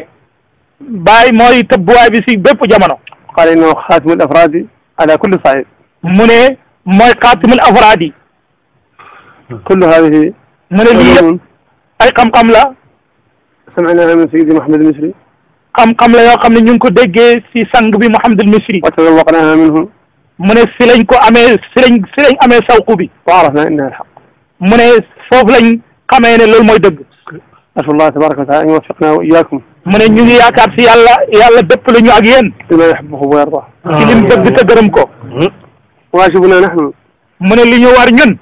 Baay mooy tëbbuwaay bi si bépp jamono qaala innahu xaatimul afraadi ala kulli saayid mu ne mooy xaatimul afraadi kullu haadihi mu ne lii yëpp ay xam-xam la. sami'naahaa min sayyidi Muhammad al-Misri. xam-xam la yoo xam ne ñu ngi ko déggee si sang bi Muhammad al-Misri. wa tazawwaqnaahaa minhu. mu ne si lañ ko amee si lañ si lañ amee sawqu bi. wa arafnaa annahaa al-haqq. mu ne foofu lañ xamee ne loolu mooy dëgg. nasallah tabaraka wa taala an yuwaffiqnaa wa iyyaakum. mu ne ñu ngi yaakaar si yàlla yàlla dëpp la ñu ak yéen. limaa yuhibbuhu wa yardaa. ci lim dëgg te gërëm ko. waajibunaa nahnu. mu ne li ñu war ñun.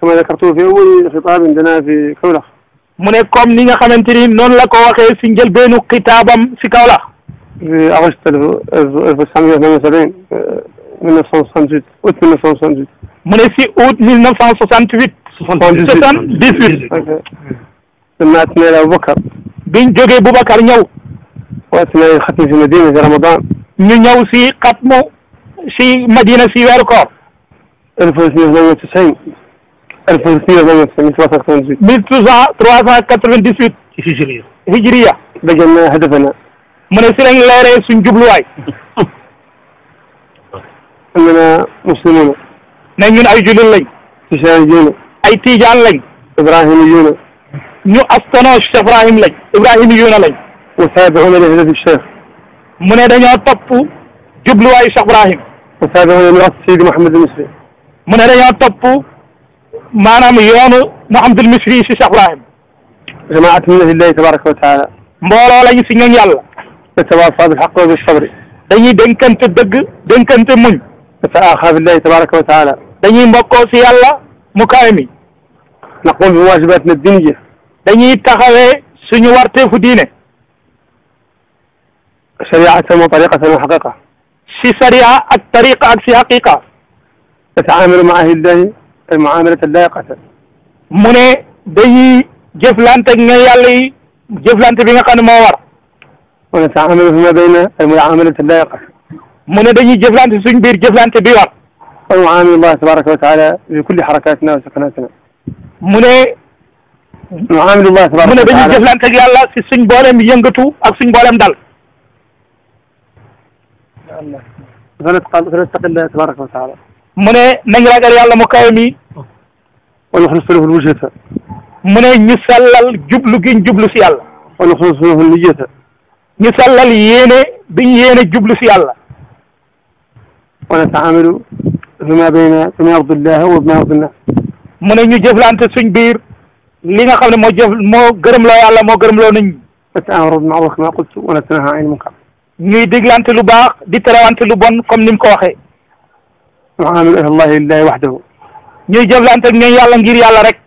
kamaa dhakartu fi awwali khitaabin lanaa fi Kawlax mu ne comme ni nga xamante ni noonu la ko waxee si njëlbeenu xitaabam si kaw la. avance sànq ma sori 1968 août 1968. mu ne si août 1968. 78 78. ok naat nee na Boubacar. biñ jógee Boubacar ñëw. waaye si nawet xat na si Madina si Ramadan. ñu ñëw si xat mu si Madina si weeru koor. alphabétisé ba ngeen seen 378. 1398. ci hijriya. hijriya. dëgg na xadafe na. mu ne si lañ leeree suñ jubluwaay. am na muslimuuna. ne ñun ay jullit lañ. tijaan yi ay tijaan lañ. Ibrahima yuuna. ñu askanoo Cheikh Ibrahim lañ. Ibrahima yuuna lañ. wataabi'uuna li-hadafi Cheikh. mu ne dañoo topp jubluwaayu Cheikh Ibrahim. wataabi'uuna li-hadafi Seydi Mouhamed Misri. mu ne dañoo topp. maanaam yoonu Mouhamadul Misri si Cheikh Ibrahim jamaatun lillahi tabaraka wa taala mbooloo lañ si ñooñ yàlla natawaasaa bil haqq wa bis sabri dañuy dénkante dëgg dénkante muñ nataaxaa billahi tabaraka wa taala dañuy mbokkoo si yàlla mu kaay mi naqoom bi waajibatina diniya dañuy taxawee suñu warteefu diine shariatan wa tariqatan wa haqiqa si sariya ak tariqa ak si haqiqa nataamilu ma ahlillahi almuamalata laayiqata mu ne dañuy jëflante ak ñooy yàlla yi jëflante bi nga xam ne moo war mu ne taamalu fi ma bayna almuamalata laayiqata mu ne dañuy jëflante suñ biir jëflante bi war wa nuamilu allah tabaraka wa taala bi kulli xarakatina wa sakanatina mu ne nuamilu allah tabaraka mu ne dañuy jëflante ak yàlla si suñ booleem yëngatu ak suñ booleem dal فنتقل فنتقي الله تبارك وتعالى mu ne nañ ragal yàlla mu kawe mi wala xalis farafu wujjata mu ne ñu sellal jublu giñ jublu si yàlla wala xalis farafu nijjata ñu sellal yéene biñ yéene jublu si yàlla wala taamilu fi ma bayna fi ma abdullah wa ma abdullah mu ne ñu jëflante suñ biir li nga xam ne moo jëf moo gërëmloo yàlla moo gërëmloo nañ nata'amuru bil ma'ruf kama qultu wa natanha 'anil munkar ñuy diglante lu baax di terewante lu bon comme ni mu ko waxee subhaana ilallahi lillahi wahdahu ñuy jëflante ak ñoom yàlla ngir yàlla rek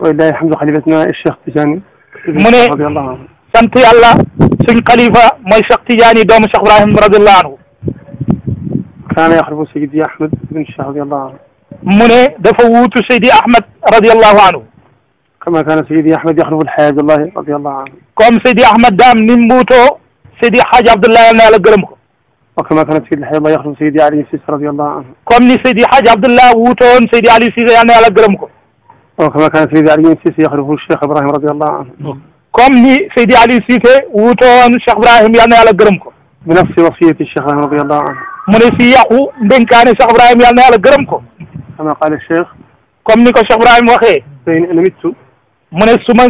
walillahi alhamdu xalifatna cheikh Tijaani mu ne sant yàlla suñ xalifa mooy cheikh Tijaani doomu cheikh Ibrahim radiallahu anhu kaana yaxrufu sayidi ahmad ibn cheikh radiallahu anhu mu ne dafa wuutu sayidi ahmad radiallahu anhu kama kaana sayidi ahmad yaxrufu alxayaa billahi radiallahu anhu comme sayidi ahmad daam ni mu wuutoo sayidi xaaji abdullahi yal na yàlla gërëm ko وكما كان سيد الحبيب يخدم سيدي Aliou Cissé radiyallahu anhu comme ni Seydi Hadj Abdallah wuutoon Seydi Aliou Cissé yal na yàlla gërëm ko. وكما كان سيدي Aliou Cissé يخلف Cheikh Ibrahim radiyallahu anhu comme ni Seydi Aliou Cissé wuutoon Cheikh Ibrahim yal na yàlla gërëm ko. بنفس وصية الشيخ radiyallahu anhu mu ne si yàqu ndénkaane Cheikh Ibrahim yal na yàlla gërëm ko. كما قال الشيخ comme ni ko Cheikh Ibrahim waxee. فإن أنا مت mu ne su ma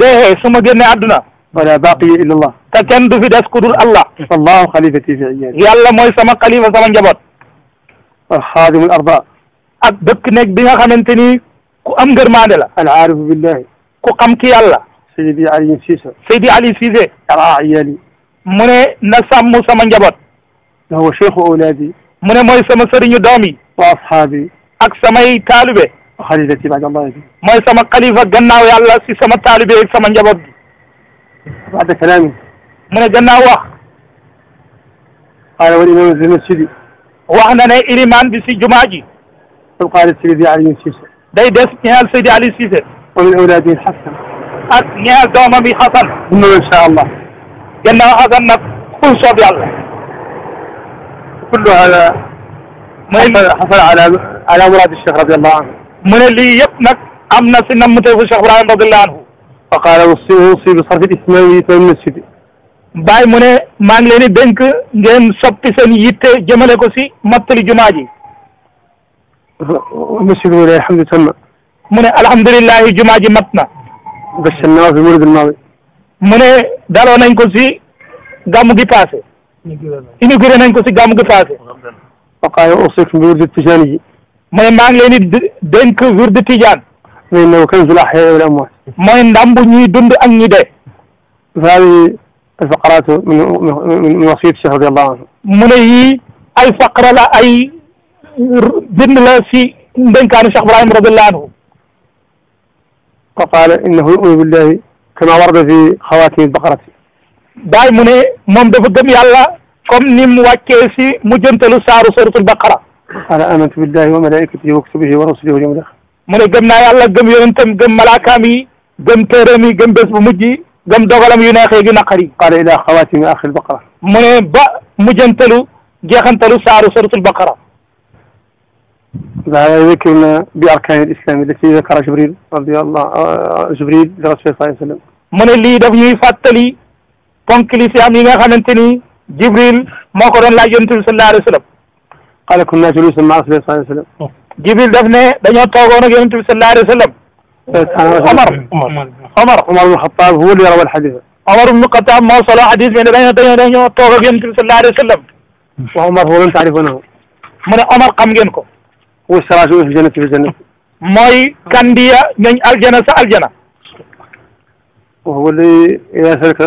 dee su ma génnee àdduna wala baqiya illa allah te kenn du fi des ku dul allah wallahu xalifati fi iyaali yàlla mooy sama xalifa sama njaboot wa xaadimul arda ak dëkk nekk bi nga xamante ni ku am ngërmaande la al aarifu billahi ku xam ki yàlla Seydi Ali Cissé Seydi Ali Cissé ara iyaali mu ne na sàmm sama njaboot wa cheikhu awlaadi mu ne mooy sama sëriñu doom yi wa ashaabi ak samay taalube xalifati baad allah mooy sama xalifa gannaaw yàlla si sama taalube ak sama njaboot بعد كلامي mu ne gannaaw wax قال والإمام في المسجد wax na ne ilimaan bi si jumaa ji يبقى لسيدي علي سيسي day des ñeel Seydi Ali Cissé ومن أولاده الحسن ak ñeel doomam yi Xasan ثم إن شاء الله gannaaw Xasan nag ku soob yàlla كل هذا حصل حصل على على مراد الشيخ رضي الله عنه mu ne lii yëpp nag am na si nammuteefu Cheikh Ibrahim radiyallahu anhu faqaala usi bi sarfi ismawi fil masjid Baay mu ne maa ngi leen di dénk ngeen soppi seen yitte jëmale ko si mattali jumaa ji masjid mu ne alhamdu tamma mu ne alhamdulillahi jumaa ji mat na gashan naa fi murid al-maadi mu ne daloo nañ ko si gàmmu gi paase inauguré nañ ko si gàmmu gi paase faqaala usikum bi wirdi tijaani ji mu ne maa ngi leen di dénk wirdi tijaan فإنه كنز الأحياء والأموات mooy ndam bu ñuy dund ak ñi dee هذه الفقرات من من وصية الشيخ رضي الله عنه mu ne yii ay faqra la ay bind la si ndénkaani Cheikh Ibrahim radiyallahu anhu وقال إنه يؤمن بالله كما ورد في خواتم البقرة daay mu ne moom dafa gëm yàlla comme ni mu wàccee si mujjantalu saaru suratul baqara قال آمنت بالله وملائكته وكتبه ورسله واليوم الآخر mu ne gëm naa yàlla gëm yonentam gëm malaakaam yi gëm téeram yi gëm bés bu mujj yi gëm dogalam yu neexee yu naqari qaala ilaa xawaatimi axir baqara mu ne ba mujjantalu jeexantalu saaru suratul baqara لا يذكرنا بأركان الإسلام التي ذكر جبريل رضي الله جبريل لرسول الله صلى الله عليه وسلم mu ne lii daf ñuy fàttali ponk lislaam yi nga xamante ni Jibril moo ko doon laaj yonent bi sallallahu alayhi wa sallam. قال كنا جلوسا مع رسول الله صلى الله عليه وسلم jibril daf ne dañoo toogoon ak yonent bi sallallahu alayhi wa sallam omar omar omar ibnu xataab huwa li rawa alxadis omar ibnu xataab moo solo xadis bi ne dañoo dañoo dañoo toog ak yonent bi sallallahu alayhi wa sallam wa omar huwa lan taarifunahu mu ne omar xam ngeen ko huwa saraaju fi jannati fi jannati mooy kandiya ñooñ aljana sa aljana وهو اللي إذا سلك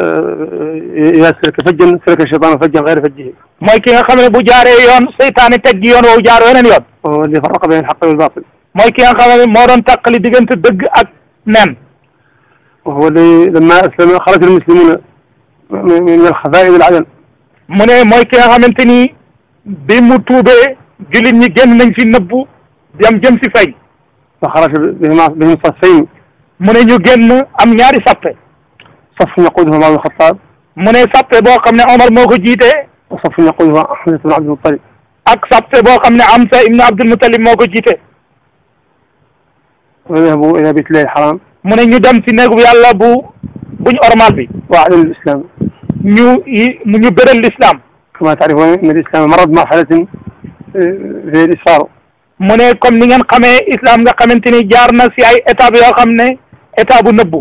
إذا سلك فجا سلك الشيطان فجا غير فجه mooy ki nga xam ne bu jaaree yoon seytaane teg yoon woowu jaaroo yeneen yoon وهو اللي فرق بين الحق والباطل mooy ki nga xam ne moo doon tàqali diggante dëgg ak nen وهو اللي لما أسلم خرج المسلمون من الخفاء إلى العلن mu ne mooy ki nga xamante ni bi mu tuubee jullit ñi génn nañ fi nëbbu dem jëm si feeñ fa xaraja bihim bihim safayn mu ne ñu génn am ñaari sappe safun yaquduhu Umar bin Xattaab mu ne sappe boo xam ne Omar moo ko jiite wa safun yaquduhu Hamza ibn Abdul Muttalib ak sappe boo xam ne Hamza ibn Abdul Muttalib moo ko jiite wa nadhabu ila baytillahi al-haram mu ne ñu dem si néegu yàlla bu buñ ormal bi wa alam al-islam ñu mu ñu bëral l'islam kama taarifuuna inna al-islam marra bi marhalatin fiihaa eh, al-israr mu ne comme ni ngeen xamee islam nga xamante ni jaar na si ay étapes yoo xam ne état bu nëbbu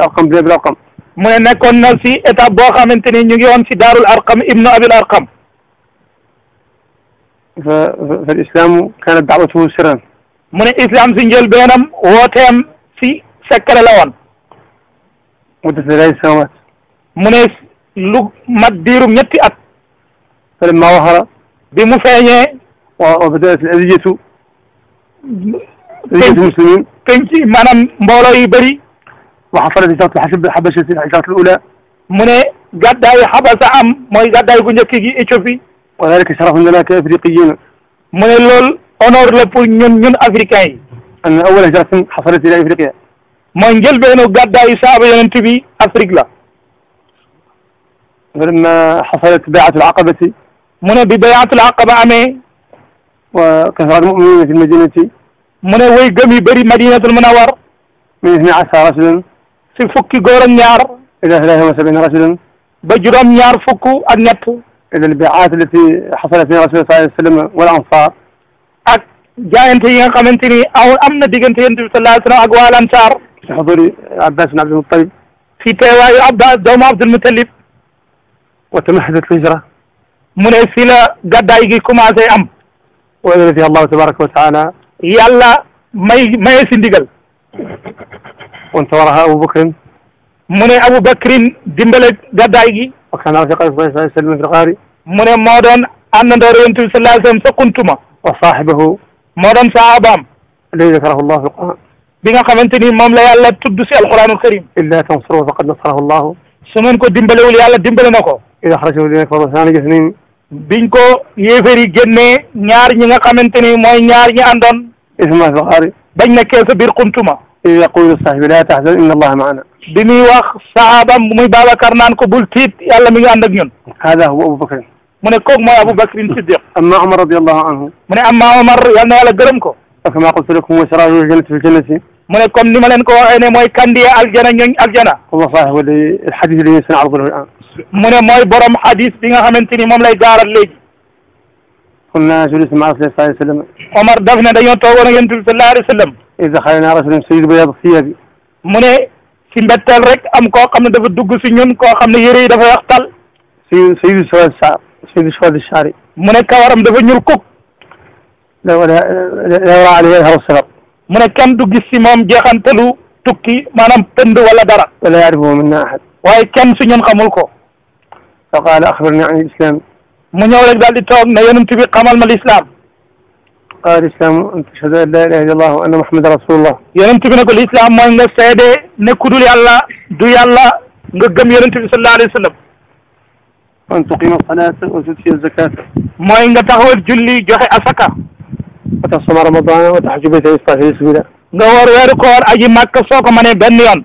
arqam bin abil arqam mu ne nekkoon na si étape boo xamante ni ñu ngi woon si daarul arqam ibnu abil arqam fa fa islaamu kaanat daawatuhu sirran mu ne islam si njëlbeenam wooteem si sekkare la woon muddat salaasi sanawaat mu ne lu mat diirum ñetti at falammaa waxara bi mu feeñee wa badaat al adiyatu adiyatu muslimin penc maanaam mbooloo yu bëri waxafalat hijrat alxabasi alhijrat alula mu ne gàddaayu xabasa am mooy gàddaayu gu njëkk gi Éthiopie wa dalika sharafun lana ka afriqiyin mu ne loolu honneur la pour ñun ñun africains yi an awala hijratin xasalat ila afriqiya mooy njëlbeenu gàddaayu saaba yonent bi Afrique la ولما حصلت بيعة العقبة من ببيعة العقبة أمي وكثر المؤمنين في المدينة من وي قمي بري مدينة المنور من اثني عشر رجلا si fukki góor ak ñaar idan ilaahi wa sabiina rajulin ba juróom ñaar fukk ak ñett ilal biaat allati xasalat min rasuli sallallahu alayhi wa sallam wal ansaar ak jaayante yi nga xamante ni aw am na diggante yonent bi sallallahu alayhi wa sallam ak waa lansaar si xuduri abbas bin abdul mutalib si teewaayu abbas doomu abdul mutalib wa tamahadat hijra mu ne si la gàddaay gi commencé am wa allahu tabaraka wa taala yàlla may maye si ndigal wanta waraha Abu Bakrin mu ne Abu Bakrin dimbale gàddaay gi wa kaana ashqa salman fil ghaari mu ne moo doon àndandoor Yonent bi sallallahu alayhi wa sallam sa kuntuma wa saahibahu moo doon saabaam alladi dakarahu llahu fil Qur'aan bi nga xamante ni moom la yàlla tudd si alquranul karim illa tansuruhu faqad nasarahu llahu su ngeen ko dimbalewul yàlla dimbale na ko id axrajahu dina farosaani gis nañ biñ ko yéeféer yi génnee ñaar ñi nga xamante ni mooy ñaar ñi àndoon isma fil ghaari bañ nekkee sa biir kuntuma i yaqulu sahibi la tahzan inna allaha maana bi muy wax sahaabam muy Babacar naan ko bul tiit yàlla mi ngi ànd ak ñun hada huwa Abu Bakr mu ne kooku mooy Abu Bakr Siddiq amma Omar radiyallahu anhu mu ne amma Omar yal na yàlla gërëm ko kama qultu lakum wa siraju jannati fi jannati mu ne comme ni ma leen ko waxee ne mooy kandiye aljana ñooñ aljana allah sahih wala alhadith li sanardu lahu al'an mu ne mooy borom hadith bi nga xamante ni moom lay gaaral léegi kunna julisa ma'a rasulillah sallallahu alayhi wa sallam Omar daf ne dañoo toogoon ak yonent bi sallallahu alayhi wa sallam isa xalinaa rasulun shadiidil bayaadi siyaabi mu ne si mbetteel rek am koo xam ne dafa dugg si ñun koo xam ne yére yi dafa weex tal sayyidu sayyidu sawaadi shaar sayyidu sawaadi shaari mu ne kawaram dafa ñuul kuk la yura alayhi azharu safar mu ne kenn du gis si moom jeexantalu tukki maanaam pënd wala dara wala yaarifuhu minna ahad waaye kenn si ñun xamul ko fa qaala axbirnii an il islam mu ñëw rek daal di toog ne yonent bi xamal ma lislaam قال الإسلام تشهد أن لا إله إلا الله وأن محمد رسول الله yonent bi ne ko lislaam mooy nga seede ne ku dul yàlla du yàlla nga gëm yonent bi sallallahu alayhi wa sallam wa an tuqima salaata wa tu'tiya zakaata mooy nga taxawal julli joxe asaka wa tasuma ramadaana wa tahajja baytaka in istata'ta ilayhi sabiila nga woor weeru koor aji màkk soo ko mënee benn yoon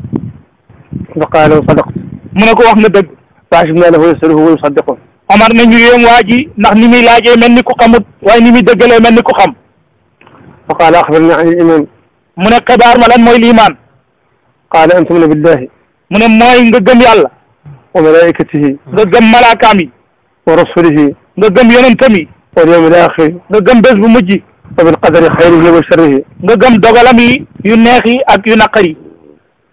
fa qaala sadaqta mu ne ko wax nga dëgg fa ajabnaa lahu yas'aluhu wa yusaddiquhu Omar ne ñu yéem waa ji ndax ni muy laajee mel ni ku xamut waaye ni muy dëggalee mel ni ku xam fa qaala axbirnii an al-iimaan mu ne xabaar ma lan mooy liimaan qaala an tu'mina billahi mu ne mooy nga gëm yàlla wa malaa'ikatihi nga gëm malaakaam yi wa rasulihi nga gëm yonentam yi wal yawmil aaxir nga gëm bés bu mujj wa bil qadari xayrihi wa sharrihi nga gëm dogalam yi yu neex yi ak yu naqar yi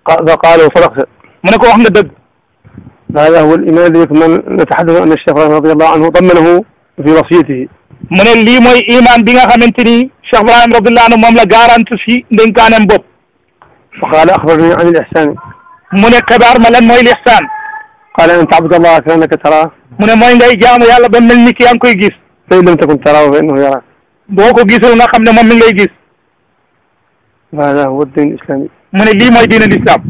fa qaala sadaqta mu ne ko wax nga dëgg haadaa huwa al-iimaan alladii man nataxaddasu anna Cheikh radiyallaahu anhu dammanahu fi wasiyatihi mu ne lii mooy iman bi nga xamante ni Cheikh Ibrahim radiyallahu anhu moom la garanti si ndénkaanem bopp fa qaala axbirnii an al-ihsaan mu ne xabaar ma lan mooy lihsaan qaala an ta'buda llaaha ka-annaka taraahu mu ne mooy ngay jaamu yàlla ba mel ni ki yaa ngi koy gis fa in lam takun taraahu fa innahu yaraak boo ko gisul nga xam ne moom mi ngay gis haadaa huwa ad-diin al-islaami mu ne lii mooy diine lislaam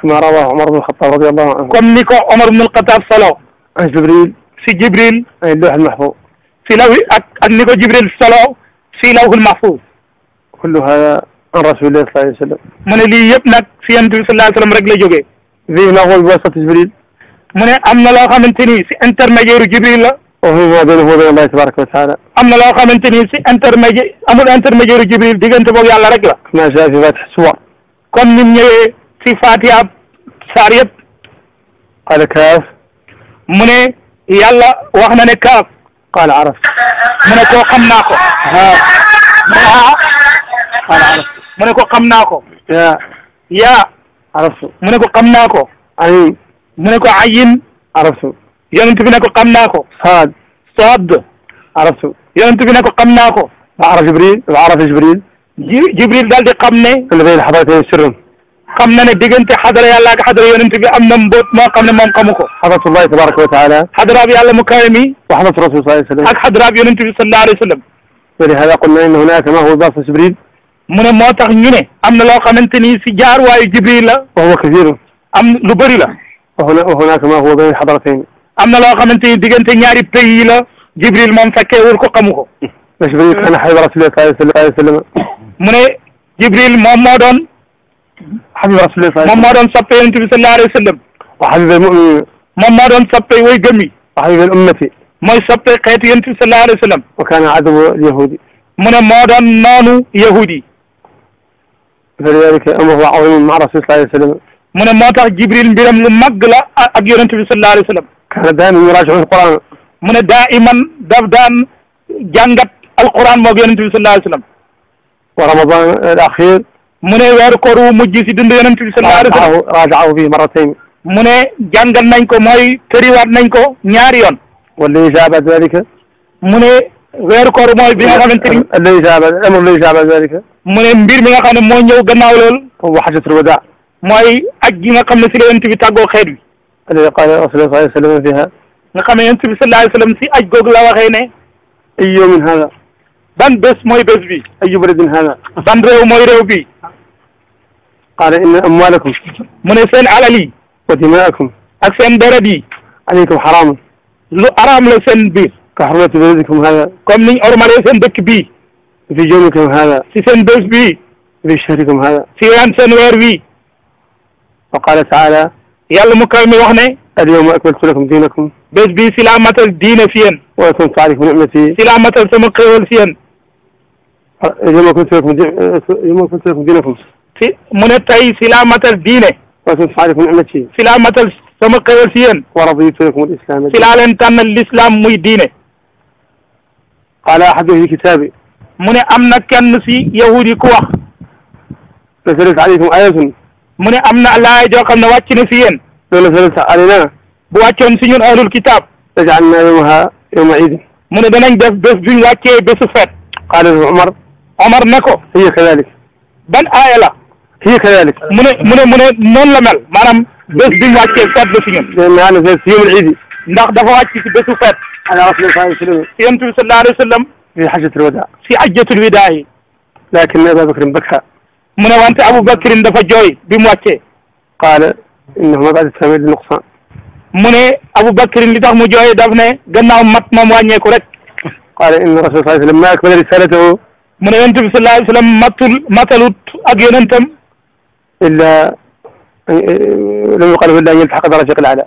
kamaa rawaahu Umar ibn al-Khattaab radiyallahu anhu comme ni ko Umar ibn al-Khattaab solo an Jibril si Jibril an al-lawh al-mahfuuz fi law ak ak ni ko Jibril solo fii lawhul mahfuz kullu hada an rasulillah sallallahu alayhi wa sallam mu ne lii yëpp nag si yonent bi sallallahu alayhi wa sallam rek la jógee fii lawhul wasat Jibril mu ne am na loo xamante ni si intermédiaire Jibril la wa fii ma baynahu wa bayna Allahi tabaraka wa taala am na loo xamante ni si intermédiaire amul intermédiaire Jibril diggante boobu yàlla rek la ma jaa fi fatiha suwar comme ni mu ñëwee si Fatiha saar yëpp qaala kaaf mu ne yàlla wax na ne kaaf qaala araf mu ne ko xam naa ko waaw mu ne ah qaala araf mu ne ko xam naa ko ya yaa araftu mu ne ko xam naa ko ay mu ne ko ayin araftu yonent bi ne ko xam naa ko saad saad araftu yonent bi ne ko xam naa ko wa araf jibril wa araf jibril jibril daal di xam ne xam na ne diggante xadara yàlla ak xadara yonent bi am na mboot moo xam ne moom xamu ko xadratullahi tabaraka wa taala xadaraab yàlla mu kawe mi wa xadratu rasul sallallahu alayhi wa sallam ak xadaraab yonent bi sallallahu alayhi wa sallam wa lihada qulna inna hunaka ma huwa basu jibril mu ne moo tax ñu ne am na loo xamante ni si jaar waayu jibril la wa huwa kathiru am lu bëri la wa hunaka ma huwa bayna xadratayn am na loo xamante ni diggante ñaari pays la jibril moom fekkee wul ko xamu ko jibril kana xayba rasulillahi sallallahu alayhi wa sallam mu ne jibril moom moo doon xabib rasulillah moom moo doon soppe yonent bi sallallahu alayhi wa sallam wa xabibal muminin moom moo doon soppe way gëm yi wa xabibal ummati mooy soppe xeetu yonent bi sallallahu alayhi wa sallam wa kaana aduwa yahudi mu ne moo doon noonu yahudi falidalika amruhu azimun maa rasul sallallahu alayhi wa sallam mu ne moo tax jibril mbiram lu mag la ak yonent bi sallallahu alayhi wa sallam kaana daiman yurajiu alquran mu ne daa iman daf daan jàngat alquran moog yonent bi sallallahu alayhi wa sallam wa ramadan al axir mu ne weeru koor wu mujj si dund yonent bi sallallahu alayhi wa sallam rajaahu fii marratayn mu ne jàngal nañ ko mooy tëriwaat nañ ko ñaari yoon wala ijaba dalika mu ne weeru koor mooy bi nga xamante ni la ijaba amr la ijaba dalika mu ne mbir mi nga xam ne moo ñëw gannaaw lool wa hajjatul wadaa mooy aj gi nga xam ne si la yonent bi tàggoo xeet wi alladi qaala rasulullah sallallahu alayhi wa sallam fiha nga xam ne yonent bi sallallahu alayhi wa sallam si aj googu la waxee ne ay yawmin hada ban bés mooy bés bi ayu baladin hada ban réew mooy réew bi qaala inna amwaalakum mu ne seen alal yi wa dimaakum ak seen deret yi alaykum xaraamun lu araam la seen biir ka xurmati baladikum haada comme niñ ormale seen dëkk bii fi jawmikum haada si seen bés bii fi shahrikum haada si waan seen weer bii wa qaala taala yàlla mu kaw mi wax ne al yawma akmaltu lakum diinakum bés bii si laa matal diine si yéen wa atmamtu alaykum nicmati si laa matal sama xéewal si yéen yawma akmaltu lakum diinakum si mu ne tey si laa matal diine. waaw faarifun am na ci. si laa matal sama xewal si yéen. wa raditu lakum al-islaam si laa leen tànnal l'islam muy diine. qaala ahadun fi kitaabi. mu ne am na kenn si yahudi ku wax. nazalat alaykum ayatun. mu ne am na laaya joo xam ne wàcc na si yéen. law nazalat alaynaa. bu wàccoon si ñun ahlul kitaab. laja'alnaa yawmahaa yawma iid. mu ne danañ def bés bu ñu wàccee bésu feet. qaala Umar. Umar ne ko. hiya kadalik. ban aaya la. fii kadalik mu ne mu ne mu ne noonu la mel maanaam bés bi mu wàccee feet la si ñun an si yomul idi ndax dafa wàcc si bésu feet ala rasul sa sallam yonent bi sallallahu alayhi wa sallam fi hajjatul wada si hajjatul wida yi lakin Abu Bakrin baka mu ne wante Abu Bakrin dafa jooy bi mu wàccee qaala innahu ma ba'da tamam li nuqsan mu ne Abu Bakrin li tax mu jooy daf ne gannaaw mat moom wàññeeku rek qaala inna rasul sallallahu alayhi wa sallam ma akmala risalatahu mu ne yonent bi sallallahu alayhi wa sallam matul matalut ak yonentam illa lam yuqalib illa an yaltaxiqa bi rafiq al-a'la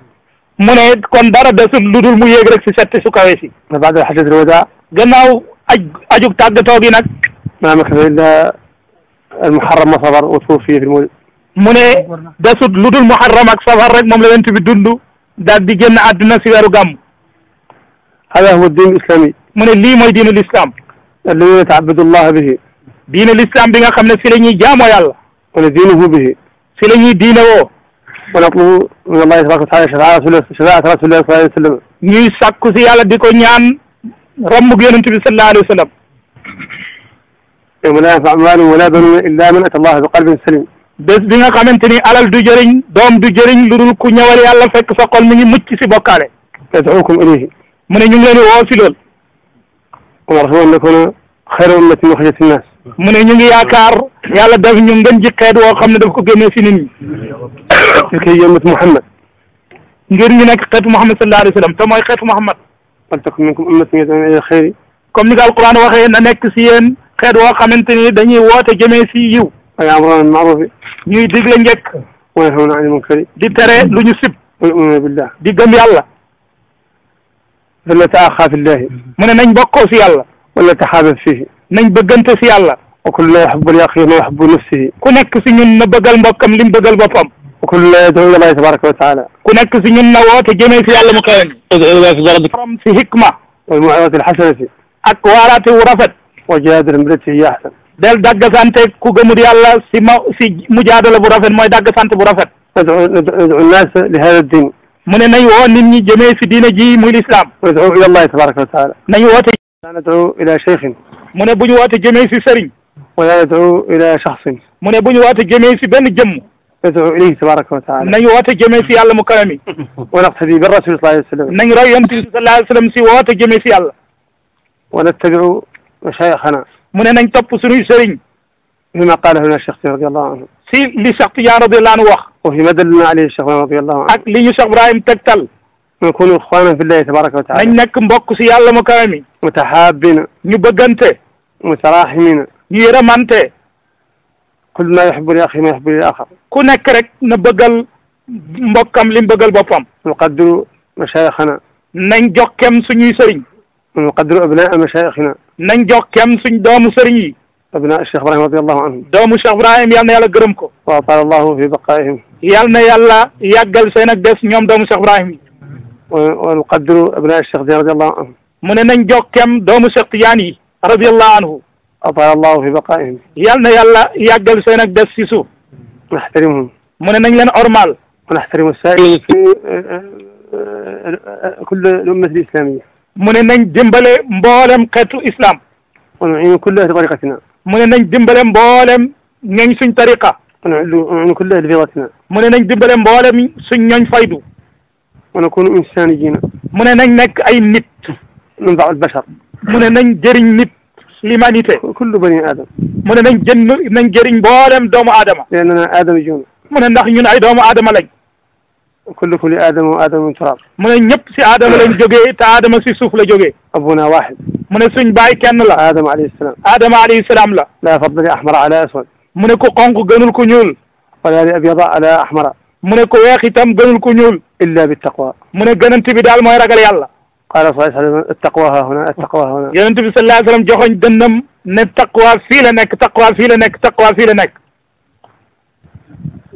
mu ne kon dara desul lu dul mu yéeg rek si setti su kawe si ba'da hajjatil wadaa gannaaw aj ajug tàggatoo gi nag ma makasa illa al-muharram wa safar wa tuwuffiya fi l-mawlid mu ne desut lu dul muharram ak safar rek moom la yonent bi dund daal di génn àdduna si weeru gàmm hada huwa diin al-islami mu ne lii mooy diinul islam alladi nata'abbadu allah bihi diinul islam bi nga xam ne si la ñuy jaamoo yàlla wala diinuhu bihi si la ñuy diinawoo wa natlubu min allahi tabaraka wa taala shafaat rasulillah shafaat rasulillah sallallahu alayhi wa sallam ñuy sàkku si yàlla di ko ñaan romb yonent bi sallallahu alayhi wa sallam yawma laa yanfau maalun wala banuuna illa man ata allaha bi qalbin salim bés bi nga xamante ni alal du jëriñ doom du jëriñ lu dul ku ñëwal yàlla fekk sa xol mi ngi mucc si bokkaale yadcuukum ilayhi mu ne ñu ngi leen di woo si lool wa rasulan lakuuna xayra ummatin uxrijat linnaas mu ne ñu ngi yaakaar yàlla def ñu ngeen ji xeet woo xam ne daf ko génnee si nit ñi ñu koy yëmmat Muhammad ngir ñu nekk xeetu Muhammad sallallahu alayhi wa sallam te mooy xeetu Muhammad wal takun minkum ummatun yad'una ila xayri comme ni ko alquran waxee na nekk si yéen xeet woo xamante ni dañuy woote jëmee si yiw wa ya'muruna bil ma'ruf ñuy di tere lu ñu sib wa yu'minuna billah di gëm yàlla wala taxaafi llahi mu ne nañ bokkoo si yàlla wala taxaabab fiihi nañ bëggante si yàlla wa kullu yuhibbu al-axiira wa yuhibbu nafsihi ku nekk si ñun na bëggal mbokkam li mu bëggal boppam wa kullu yad'u wa taala ku nekk si ñun na woote jëmee si yàlla mu kawen borom si hikma wal maw'izati al-hasanati ak waaraate wu rafet wa jaadil billati a ahsan del dàggasante ku gëmul yàlla si ma si mujaadala bu rafet mooy dàggasante bu rafet nad'u naas li haadha diin mu ne nañ woo nit ñi jëmee si diina ji muy l'islam wa nad'u ilallaahi tabaaraka wa taala nañ woote nad'u ila shaykhin mu ne bu ñu woote jëmee si sëriñ wala yad'u ila shaxsin mu ne bu ñu woote jëmee si benn jëmm yad'u ilayhi tabaraka wa taala nañu woote jëmee si yàlla mu karami wa naqtadi bi rasuli sallallahu alayhi wa sallam nañ roy yonent bi sallallahu alayhi wa sallam si woote jëmee si yàlla wa nattabiu mashayikhana mu ne nañ topp suñuy sëriñ lima qalahu lana cheikh radiyallahu anhu si li cheikh Tidiane radiyallahu anhu wax wa fi madallana alayhi cheikh radiyallahu anhu ak li ñu cheikh Ibrahim tegtal nakunu ixwaana fillahi tabaraka wa taala nañ nekk mbokk si yàlla mu kawe mi mutahaabina ñu bëggante mutarahimina ñu yërëmante kullu naa yuhibbu li axi ma yuhibbu lil axar ku nekk rek na bëggal mbokkam li mu bëggal boppam nuqaddiru mashaayixana nañ jokkem suñuy sëriñ nuqaddiru abnaa mashaayixina nañ jokkem suñ doomu sëriñ yi abnaa cheikh ibrahim radiallahu anhum doomu cheikh ibrahim yal na yàlla gërëm ko wa atala allahu fi baqaayihim yal na yàlla yàggal seen ak des ñoom doomu cheikh ibrahim yi والقدر ابناء الشيخ رضي الله عنهم mu ne nañ jokkem doomu Cheikh Tidiane yi radiallahu anhu atal allahu fi baqaihim yal na yàlla yàggal seen ak des si suuf naxtarimhum mu ne nañ leen ormal wa naxtarimu saa'ilin fi kulli l-ummati l-islamiyya mu ne nañ dimbale mboolem xeetu islam wa nuiinu kulla ahli tariqatina mu ne nañ dimbale mboolem ñooñ suñ tariqa wa nuiinu kulla ahli fidatina mu ne nañ dimbale mboolem suñ ñooñ faydu wa nakunu insaniyina mu ne nañ nekk ay nit nanfau albachar mu ne nañ jëriñ nit l'humanité kullu bani adam mu ne nañ jën nañ jëriñ mboolem doomu aadama leennana aadama juuna mu ne ndax ñun ay doomu aadama lañ kullukum li aadama wa aadama min turab mu ne ñëpp si aadama lañ jógee te aadama si suuf la jógee abuna wahid mu ne suñ baay kenn la aadama alayhi salaam aadama alayhi salaam la laa fadla li ahmara ala aswad mu ne ku xonk gënul ku ñuul wala li abyada ala ahmara mu ne ko weex itam gënul ko ñuul illa bi taqwa mu ne gënant bi daal mooy ragal yàlla qala sallallahu alayhi wa sallam attaqwa hahuna attaqwa hahuna yonent bi sallallahu alayhi wa sallam joxoñ dënnam ne taqwa fii la nekk taqwa fii la nekk taqwa fii la nekk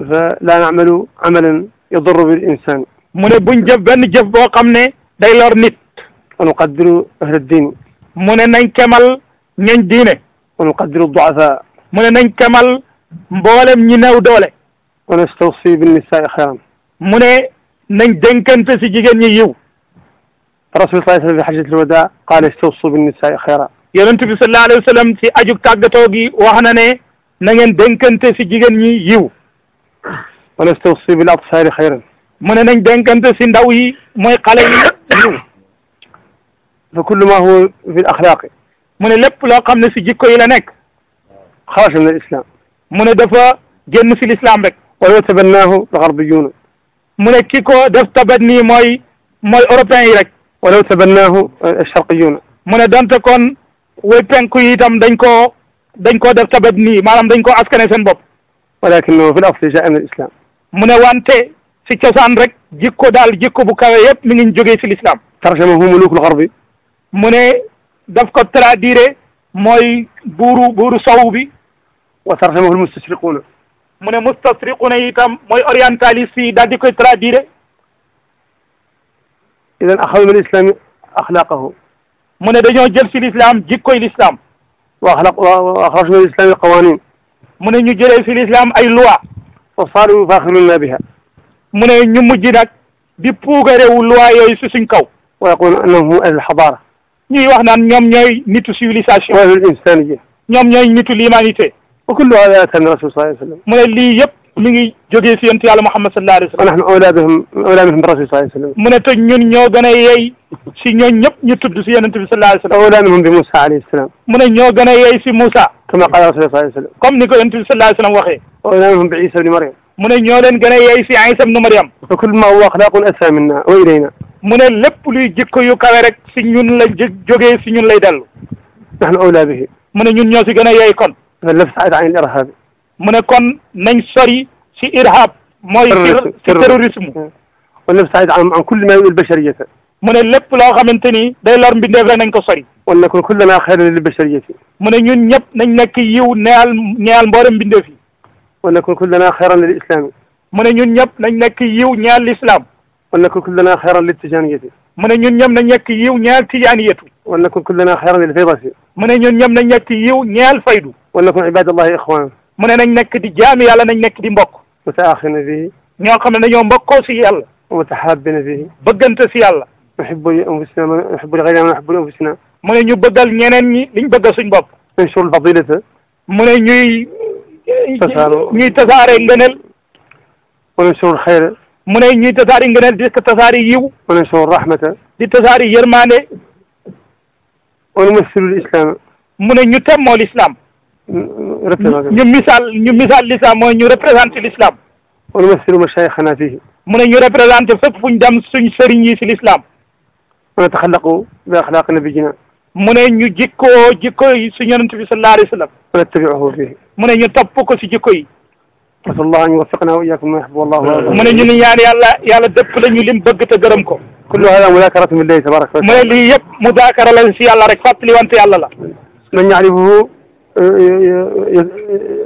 fa laa naamalu amalan yadurru bil insan mu ne buñ jëf benn jëf boo xam ne day lor nit wa nuqaddiru ahla diin mu ne nañ kemal ñañ diine wa nuqaddiru duafa mu ne nañ kemal mboolem ñi néew doole wa nastawsi bin nisaai xayran mu ne nañ dénkante si jigéen ñi yiw rasul sallallahu alayhi wa sallam fi xajjatil wadaa qaala istawsu bin nisaai xayran yonent bi sallallahu alayhi wa sallam si aju tàggatoo gi wax na ne na ngeen dénkante si jigéen ñi yiw wa nastawsi bil atsaari xayran mu ne nañ dénkante si ndaw yi mooy xale yi yiw fa kullu ma huwa fi l axlaaqi mu ne lépp loo xam ne si jikko yi la nekk xaraja min al islam mu ne dafa génn si l'islam rek wala tabannaahu alxarbiyuuna mu ne ki ko def tabanni mooy mooy européens yi rek walaw tabannaahu charqiyuuna mu ne donte kon way penku yi itam dañ koo dañ koo def tabat nii maanaam dañ koo askane seen bopp walakinahu fi l asli jaa min al islam mu ne wante si cosaan rek jikko daal jikko bu kawe yëpp mi ngi jógee si l'islam tarjamahu mulukul garbi mu ne daf ko traduire mooy buuru buuru sow bi wa tarjamahu al mustashriquuna mu ne mustasriquna itam mooy orientaliste yi daal di koy traduire idan axadu min islami axlaqahu mu ne dañoo jël si l'islam jikkoy l'islam wa axlaq wa axraju min islami qawanin mu ne ñu jëlee si l'islam ay loi wa saaru yufaaxiruna mu ne ñu mujj nag di puugarewu loi yooyu si suñ kaw wa yaqulu annahum ahlu lxadara ñuy wax naan ñoom ñooy nitu civilisation wa ahlu linsaniya ñoom ñooy nitu l'humanité wa kullu aata min rasul sallallahu alayhi wa sallam mu ne lii yëpp mi ngi jógee si yonent yàlla Muhammad sallallahu alayhi wa sallam wa nahnu awlaa bihim awlaa minhum bi rasul sallallahu alayhi wa sallam mu ne te ñun ñoo gën a yey si ñooñ ñëpp ñu tudd si yonent bi sallallahu alayhi wa sallam wa awlaa minhum bi Moussa alayhi salaam mu ne ñoo gën a yey si Moussa kama qaala rasul sallallahu alayhi wa sallam comme ni ko yonent bi sallallahu alayhi wa sallam waxee wa awlaa minhum bi Isa ibni Maryam mu ne ñoo leen gën a yey si Isa ibni Maryam wa kullu maa huwa axlaaqun asfaa minna wa ilayna mu ne lépp luy jikko yu kawe rek si ñun la jógee si ñun lay dellu nahnu awlaa bihi mu ne ñun ñoo si gën a yey kon lëfsaid an irhab mu ne kon nañ sori si irhab mooy si terrorisme wa lëfsaid an an kulli ma yul bashariyata mu ne lépp loo xamante ni day lor mbindeef rek nañ ko sori wa nakun kullama xayran lil bashariyati mu ne ñun ñëpp nañ nekk yiw neyal ñeyal mboolem mbindeef yi wa nakun kullama xayran lil islami mu ne ñun ñëpp nañ nekk yiw ñeyal l'islam wa nakun kullana xayran lil tijaniyati mu ne ñun ñëpp nañ nekk yiw ñeyal tijaniyatu wa nakun kullana xayran lil faydati mu ne ñun ñoom nañ nekk yiw ñeel faydu wa nakun ibadallahi ixwan mu ne nañ nekk di jaami yàlla nañ nekk di mbokk mutaaxina bi ñoo xam ne dañoo mbokkoo si yàlla mutahaabina bi bëggante si yàlla nuhibbu li anfusina ma nuhibbu li gayrina ma li anfusina mu ne ñu bëggal ñeneen ñi liñ bëggal suñ bopp inshur lfadilata mu ne ñuy ñuy tasaare ngëneel wa inshur lxayra mu ne ñuy tasaari ngëneel di tasaari yiw wa inshur rahmata di tasaari yërmande wala masalul islam mu ne ñu temmoo l'islam ñu misaal ñu misaal l'islam mooy ñu représenté l'islam wala masilu mashayikhana fihi mu ne ñu représenté fépp fu dam dem suñ sëriñ yi si l'islam wana taxallaqu bi axlaq nabiyina mu ne ñu jikkoo jikko yi su yonent bi sallallahu alayhi wa sallam wana tabiuhu fihi mu ne ñu topp ko si jikko yi asallah an yuwaffiqna wa iyyakum ma yuhibbu wallahu mu ne ñu ni ñaan yàlla yàlla dëpp la ñu lim bëgg te gërëm ko kullu hada mudakaratu min llahi tabaraka mu ne lii yëpp mudakara lañ si yàlla rek fàttali wante yàlla la man yaarifuhu eh, eh, eh,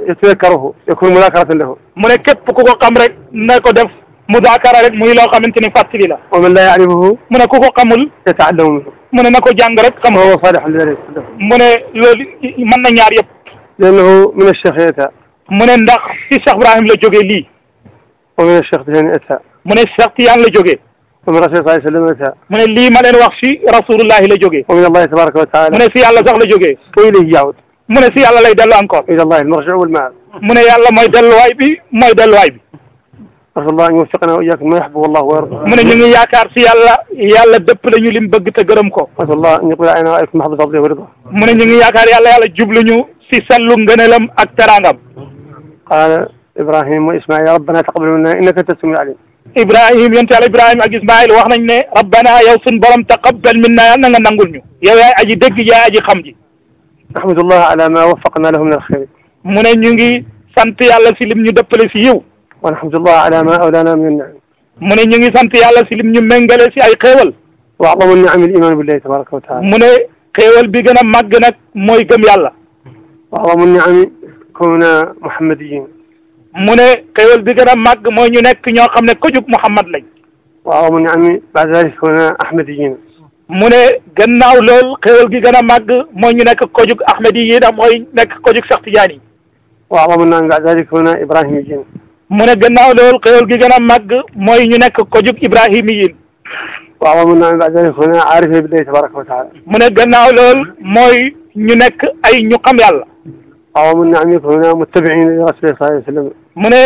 yatadakkaruhu yakun mudakaratan lahu mu ne képp ku ko xam rek na ko def mudakara rek muy loo xamante ni fàttali la wa man la yaarifuhu mu ne ku ko xamul yataallamu minhu mu ne na ko jàng rek xam huwa salihun li dalik mu ne loolu mën na ñaar yëpp liannahu min acheikh ata mu ne ndax si Cheikh Ibrahim la jógee lii wa min acheikh Tijaan ata mu ne Cheikh Tijaan la jógee moom rasul sallallahu alayhi wa sallam mu ne lii ma leen wax fi rasulullahi la jógee wa min allahi tabaraka wa taala mu ne si yàlla sax la jógee wa ilayhi yaawut mu ne si yàlla lay dellu encore ila allahi almarjiu walmaab mu ne yàlla mooy delluwaay bi mooy delluwaay bi asallah an yuwaffiqana wa iyaakum ma yuhibbu wallahu wa yarda mu ne ñu ngi yaakaar si yàlla yàlla dëpp la ñu lim bëgg te gërëm ko asallah an yuqbila anna wa iyakum mahbata fadlihi wa ridwaanihi mu ne ñu ngi yaakaar yàlla yàlla jubluñu si sellu ngëneelam ak teraangam qaala ibrahim wa ismail rabbana taqabbal minna innaka antas samiul alim ibrahim yonent yàlla ibrahima ak ismail wax nañ ne rabbana yow sun borom taqabbal minna yàlla na nga nangul ñu yow yaay aji dégg yaay aji xam ji nahmadullah ala ma wafaqna lahu min alxayr mu ne ñu ngi sant yàlla si lim ñu dëppale si yiw wa alhamdulillah ala ma awlana min annaam mu ne ñu ngi sant yàlla si lim ñu méngale si ay xéewal wa adamu niam al iman billahi tabaraka wa taala mu ne xéewal bi gën a màgg nag mooy gëm yàlla wa adamu niam kuna muhammadiyin mu ne xéwal bi gën a màgg mooy ñu nekk ñoo xam ne ko jub Muhammad lañ waaw mu ne ami bazalik huna ahmadiyin mu ne gannaaw lool xéwal gi gën a màgg mooy ñu nekk ko jub ahmadiyin mooy nekk ko jub Seex Tijaan yi waaw mu ne bazalik huna ibrahimiyin mu ne gannaaw lool xéwal gi gën a màgg mooy ñu nekk ko jub ibrahimiyin waaw mu ne ami bazalik huna aarife billahi tabaraka wa taala mu ne gannaaw lool mooy ñu nekk ay ñu xam yàlla waaw mu ne ami huna muttabiin li rasuli sallallahu alayhi wa sallam mu ne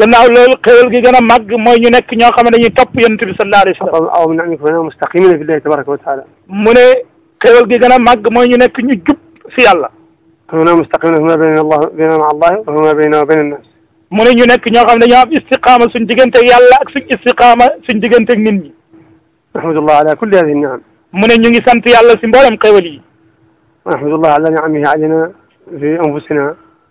gannaaw loolu gi gën a màgg mooy ñu nekk ñoo xam ne dañuy topp yonent bi sallallahu alayhi wa sallam aw min an'amika wa mustaqimina gi gën a màgg mooy ñu nekk ñu jub si yàlla huna mustaqimina fi ma bayna allah bayna ma allah wa ma bayna wa bayna annas mu ne ñu nekk ñoo xam ne dañoo am istiqaama suñ diggante yàlla ak suñ istiqaama suñ diggante ak nit ñi ahmadullah ala kulli hadihi niam mu ne ñu ngi sant yàlla si mboolem xéwal yi ahmadullah ala niamihi alayna fi anfusina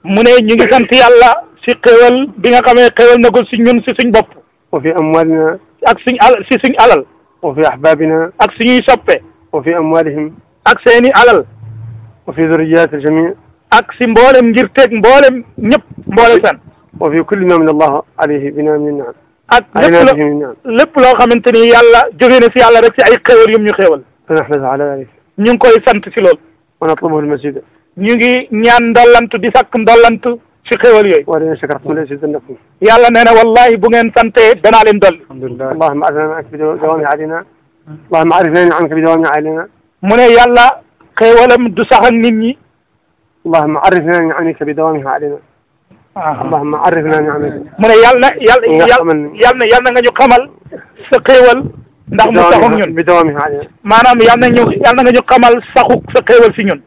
mu ne ñu ngi sant yàlla si xéwal bi nga xamee xéwal na ko si ñun si suñ bopp wa fi amwalina ak si al si suñ alal wa fi ahbabina ak suñuy soppe wa fi amwalihim ak seeni alal wa fi zurriyat aljami ak si mboolem ngir teeg mboolem ñëpp mboole san wa fi kulli ma min allah alayhi bina min naam ak lépp loo xamante ni yàlla jóge na si yàlla rek si ay xéwal yum ñu xéwal nahmadu ala dalik ñu ngi koy sant si lool wa natlubu almasjid ñu ngi ñaan ndollantu di sakk ndollantu ci xéwal yooyu wa lin shakartum la zidannakum yàlla nee na wallahi bu ngeen sante danaa leen dolli alhamdulillah allahumma arifna anka bi dawami alina allahumma arifna anka bi dawami alina mu ne yàlla xéwalam du sax ak nit ñi allahumma arifna anka bi dawami alina allahumma arifna anka mu ne yàlla yàlla yàlla yàlla nga ñu xamal sa xéwal ndax mu saxul ñun bi dawami alina maanaam yàlla na ñu yàlla nga ñu xamal saxu sa xéwal si ñun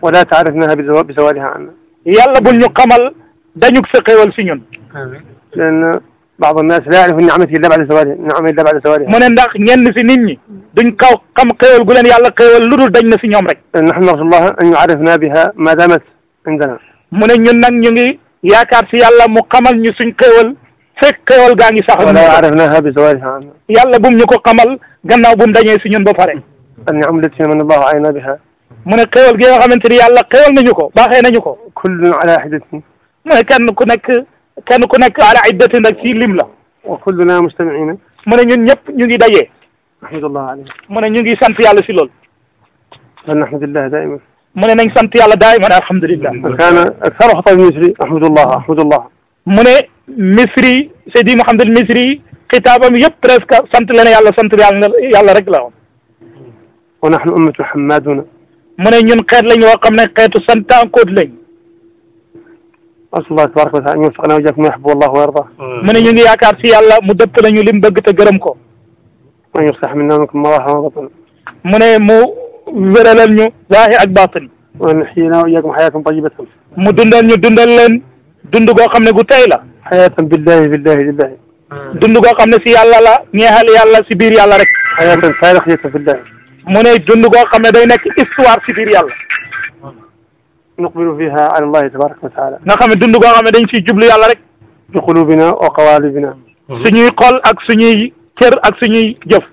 wala taarifna bi zawaliha anna yàlla bul ñu xamal dañu sa xéwal si ñun. amiin بعض الناس لا يعرف النعمة إلا بعد زوالها النعمة إلا بعد زوالها mu ne ndax ñenn si nit ñi duñ kaw xam xéewal gu leen yàlla xéewal lu dul dañ na si ñoom rek نحن نرجو الله أن يعرفنا بها ما دامت عندنا mu ne ñun nag ñu ngi yaakaar si yàlla mu xamal ñu suñ xéewal fekk xéewal gaa ngi sax ولا يعرفناها بزوالها yàlla bum ñu ko xamal gannaaw bum dañee si ñun ba pare النعم التي من الله علينا بها mu ne xéwal gi nga xamante ni yàlla xéwal nañu ko baaxee nañu ko kullun ala iddatin mu ne kenn ku nekk kenn ku nekk ala iddatin nag ci lim la wa kulluna mujtamiina mu ne ñun ñëpp ñu ngi dajee alhamdulillah alayhi mu ne ñu ngi sant yàlla si lool wa nahmadullah daiman mu ne nañ sant yàlla daiman alhamdulillah kana aktaru xatal misri ahmadullah ahmadullah mu ne misri seydi Mouhamed al misri xitaabam yëpp presque sant leen yàlla sant yàlla yàlla rek la woon wa nahnu ummatu hammaduna mu ne ñun xeet lañ woo xam ne xeetu santaankoot lañ asallah tabaraka wa taala ñun faqna wajakum yuhibbu allahu wa yarda mu ne ñu ngi yaakaar si yàlla mu dëpp lañu lim bëgg te gërëm ko man yuslih minna minkum maraha wa batan mu ne mu wéralal ñu zaahi ak baatin wa nuhyina wa iyyakum hayatan tayyibatan mu dundal ñu dundal leen dund goo xam ne gu tey la hayatan billahi billahi billahi dund goo xam ne si yàlla la ñeexal yàlla si biir yàlla rek hayatan saalihan fillahi mu ne dund goo xam ne day nekk histoire si biir yàlla nuqbilu fiha ala allahi tabaraka wa taala nga xam ne dund goo xam ne dañ ciy jublu yàlla rek bi qulubina wa qawalibina suñuy xol ak suñuy cër ak suñuy jëf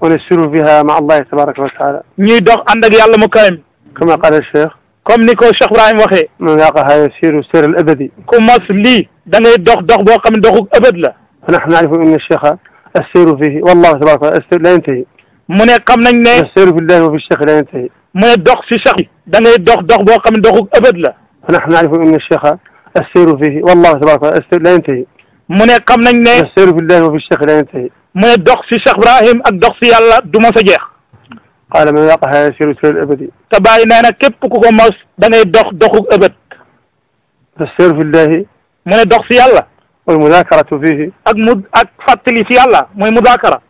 wa nasiru fiha ma allahi tabaraka wa taala ñuy dox ànd ak yàlla mu karim kama qala cheikh comme ni ko Cheikh Ibrahim waxee man yaqaha yasiru sir al abadi ku mas lii da ngay dox dox boo xam ne doxu abad la fa nahnu narifu anna cheikha assiru fihi wallahu tabaraka wa taala la yantahi mu ne xam nañ ne. seeru fi llahi wa fi cheikh la yantahi mu ne dox fi cheikh bi da ngay dox dox boo xam ne doxu ëbët la. wa nahnu naarifu anna cheikha asseeru fihi wallahu tabaraka asseeru la yantahi mu ne xam nañ ne. seeru fi llahi wa fi cheikh la yantahi mu ne dox fi cheikh Ibrahim ak dox fi yàlla du mos a jeex. qaala man waaqaha yasiru seeru abadi. te bàyyi nee na képp ku ko mos da ngay dox doxu ëbët. seeru fi llahi. mu ne dox fi yàlla. wal mudakaratu fihi. ak mu ak fàttali fi yàlla mooy mudaakara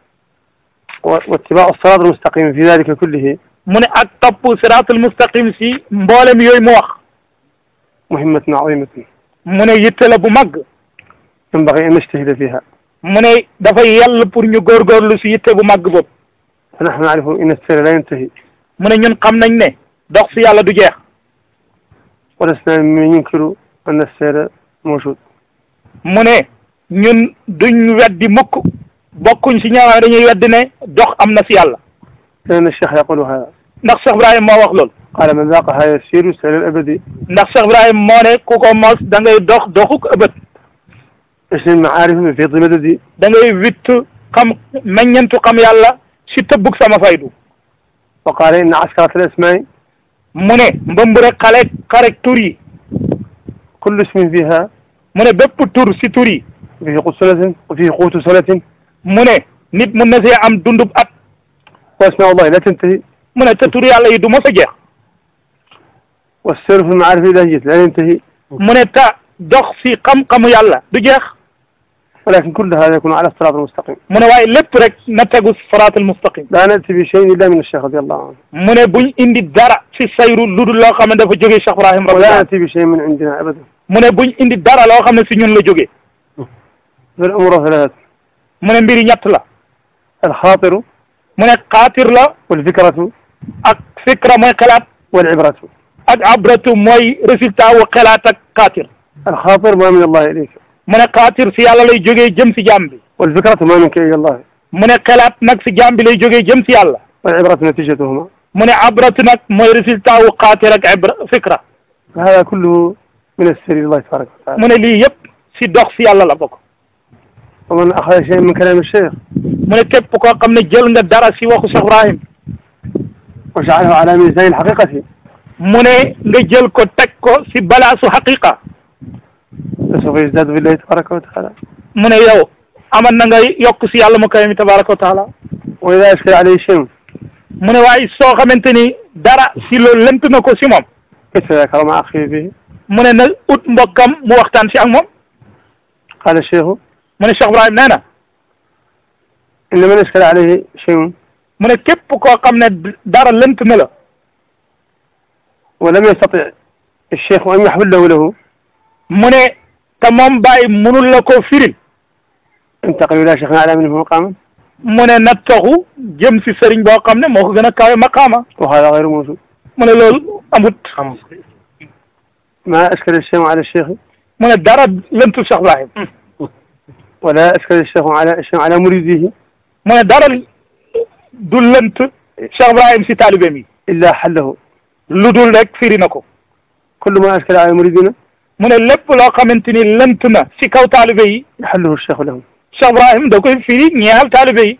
واتباع الصراط المستقيم في ذلك كله mu ne ak topp siraatul mustaqim si mboolem yooyu mu wax muhimmatun azimatun mu ne yitte la bu mag yanbaghi an najtahida fiha mu ne dafay yàlla pour ñu góorgóorlu si yitte bu mag boobu fa nahnu naarifu inna sayra la yantahi mu ne ñun xam nañ ne dox si yàlla du jeex wa lasna mimman yunkiru anna sayra mawjud mu ne ñun duñ weddi mukk bokkuñ si ñaar dañuy wedd ne dox am na si yàlla. inna cheikh yaqulu hada. ndax Cheikh Ibrahima moo wax loolu. qaala man zaaqa yasiiru saylal abadi. ndax Cheikh Ibrahima moo ne ku ko mos da ngay dox doxuk ëbët. isnil maarif fi madadi. da ngay witt xam meññantu xam yàlla si tëbbug sama faydu. wa qaala inna askarat asmaay. mu ne mbëmb rek xale xare tur yi. kullu ismin fiha. mu ne bépp tur si tur yi. fi quutu salatin fi quutu salatin mu ne nit mun na see am dundub at واسماء الله لا تنتهي من التتوري على يدو ما فجأة والسر في المعارف إذا جيت لا ينتهي من التا دخ في قم قم يلا دجاخ ولكن كل هذا يكون على الصراط المستقيم من واي لترك نتقو الصراط المستقيم لا نأتي بشيء إلا من الشيخ رضي الله عنه من بن عندي الدرع في السير لود الله خمن دفع جوجي الشيخ إبراهيم رضي الله ولا نأتي بشيء من عندنا أبدا من بن عندي الدرع لو خمن سنين لجوجي الأمور ثلاثة mu ne mbiri ñett la al xaatiru mu ne xaatir la wal fikratu ak fikra mooy xalaat wal ibratu ak abratu mooy résultat wu xalaat ak xaatir al xaatir ma min allah ilayk mu ne xaatir si yàlla lay jógee jëm si jaam bi wal fikratu ma minka ila allah mu ne xalaat nag si jaam bi lay jógee jëm si yàlla wal ibratu natijatuhuma mu ne abratu nag mooy résultat wu xaatir ak ibra fikra hada kulluhu min asiri allah tabaraka wa taala mu ne lii yëpp si dox si yàlla la bokk ومن a شيئا من كلام koo xam ne jël nga dara si waxu Cheikh Ibrahim wajaalahu ala mizaani alxaqiqati mu ne nga jël ko teg ko si balaasu xaqiqa sawfa yuzdaadu billahi tabaraka wa taala mu yow aman na nga yokk si yàlla mu kawe mi tabaraka wa taala wa ida ashkala alayhi shay'un mu ne waaye soo xamante ni dara si loolu lënt na ko si moom tadakara ma axi bi mu ne na ut mbokkam mu waxtaan si ak moom qala cheikhu mu ne Cheikh Ibrahim nee na. inna man iskala alayhi shay'un mu ne képp koo xam ne dara lënt na la. wa lam yastati cheikh an yaxwilahu lahu mu ne te moom bàyyi mënul la ko firil. intaqal ila cheikh ala minhu maqaama mu ne na taxu jëm si sëriñ boo xam ne moo ko gën a kawe maqaama. wa hada gayru mawsul mu ne loolu amut. amut. ma askala cheikh ala cheikh. mu ne dara lëntu Cheikh Ibrahim wala askada cheikhu ala cheikhu ala muridihi mu ne dara du lënt Cheikh Ibrahim si taalibeem yi illa xallahu lu dul rek firi na ko kullu ma askada ala muridina mu ne lépp loo xamante ni lënt na si kaw taalibe yi xallahu cheikhu lahum Cheikh Ibrahim da koy firi ñeexal taalibe yi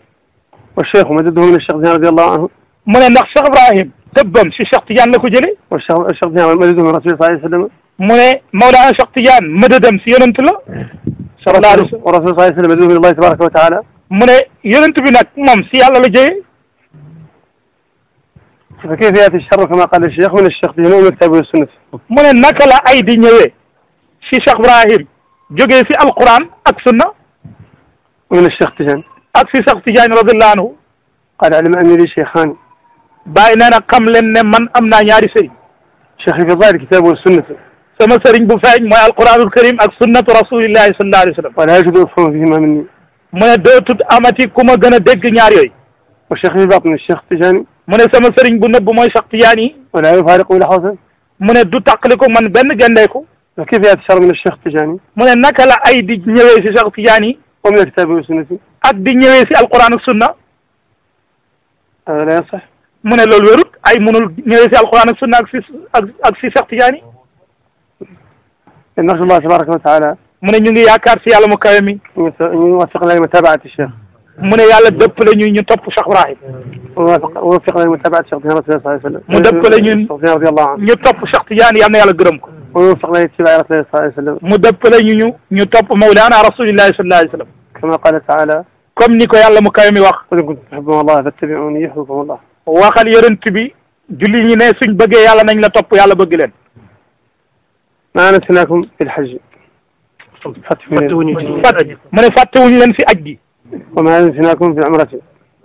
wa cheikhu madaduhu min cheikh Tijaan radiyallahu anhu mu ne ndax Cheikh Ibrahim dëbbam si Cheikh Tijaan la ko jëlee wa cheikh Cheikh Tijaan madaduhu min rasul sallallahu alayhi wa sallam mu ne Mawlaana Cheikh Tijaan madadam si yonent la sallallahu alayhi wa sallam rasul sallallahu alayhi wa sallam tabaraka wa taala mu ne yonent bi nag moom si yàlla la jëyee fa kayfa yaati charru kama qaala cheikh min ash-shakhsiyyin min al-kitaabi wa sunnati mu ne naka la ay di ñëwee si Cheikh Ibrahim jógee si alquran ak sunna min Cheikh Tidiane ak si Cheikh Tidiane radiyallahu anhu qad alima anni li cheikhaani bàyyi nee na xam leen ne man am naa ñaari sëriñ cheikh yi fi daahir al-kitaabi wa sunnati sama sëriñ bu feeñ mooy alquranul karim ak sunnatu rasulillahi sallallahu alayhi wa sallam wala yajid afhama fihima dootut amati ku ma gën a dégg ñaar yooyu wa cheikh bi batin cheikh Tijani mu ne sama sëriñ bu nëbb mooy cheikh Tijani yi wala yufaariqu la xawsan mu ne du taqliko man benn gendeeku wa kayfa yatashar min cheikh Tijani mu ne naka la ay di ñëwee si cheikh Tijani yi wa min alkitabi wa sunnati ak di ñëwee si alquran ak sunna mu ne loolu ay munul ak sunna ak si ak ak si te nax Allah tabaraka wa taala mu ne ñu ngi yaakaar si yàlla mu kawe mi ñu ngi wafiq lana mutabaati cheikh mu ne yàlla dëppale ñu ñu topp Cheikh Ibrahim wafiq lana mutabaati cheikh Tidiane sallallahu alayhi wa sallam mu dëppale ñun ñu topp Cheikh Tidiane yal na yàlla gërëm ko wafiq lana ittibaai rasulillahi sallallahu alayhi wa sallam mu dëppale ñu ñu ñu topp mawlaana rasulillahi sallallahu alayhi wa sallam kama qala taala comme ni ko yàlla mu kawe mi wax qul in kuntum tuhibbuna Allah fattabi'uni yuhbibkumu Allah waxal yonent bi julli ñi ne suñ bëggee yàlla nañ la topp yàlla bëgg leen ma nasnaakum fil hajji fàttewuñu mu ne fàttewuñu leen si aj gi wa ma nasnaakum fil umrati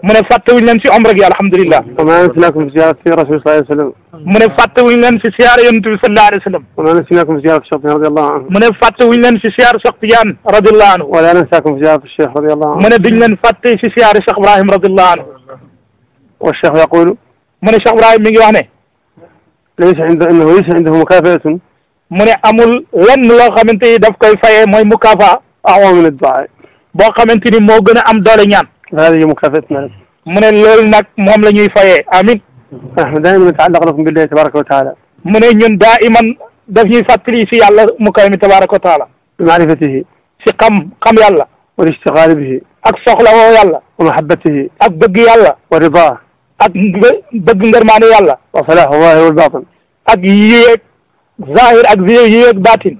mu ne fàttewuñu leen si omra gi alhamdulillah wa ma nasnaakum fi ziyaarati rasuli sallallahu alayhi wa sallam mu ne fàttewuñu leen si siyaara yonent bi sallallahu alayhi wa sallam wa ma nasnaakum fi ziyaarati Cheikh Tijaan radiyallahu anhu mu ne fàttewuñu leen si siyaara Cheikh Tijaan radiyallahu anhu wa la nansaakum fi ziyaarati Cheikh radiyallahu anhu mu ne duñ leen fàtte si siyaara Cheikh Ibrahim radiyallahu anhu wa Cheikh yaqulu mu ne Cheikh Ibrahim mi ngi wax ne laysa indahu innahu laysa indahu mukaafaatun mu ne amul lenn loo xamante ni daf koy fayee mooy mukafa awolu ba boo xamante ni moo gën a am doole ñaan hadihi mukafatunaana mu ne loolu nag moom la ñuy fayee amin daiman nata'allaqu billahi tabaraka wa taala mu ne ñun daa iman daf ñuy fàttali si yàlla mu kaw mi tabaraka wa taala si xam xam yàlla wal istiqaali bihi ak soxla woo yàlla wa mahabbatihi ak bëgg yàlla wa ridaa ak bëgg ngërmaane yàlla zahir ak yéeg baatin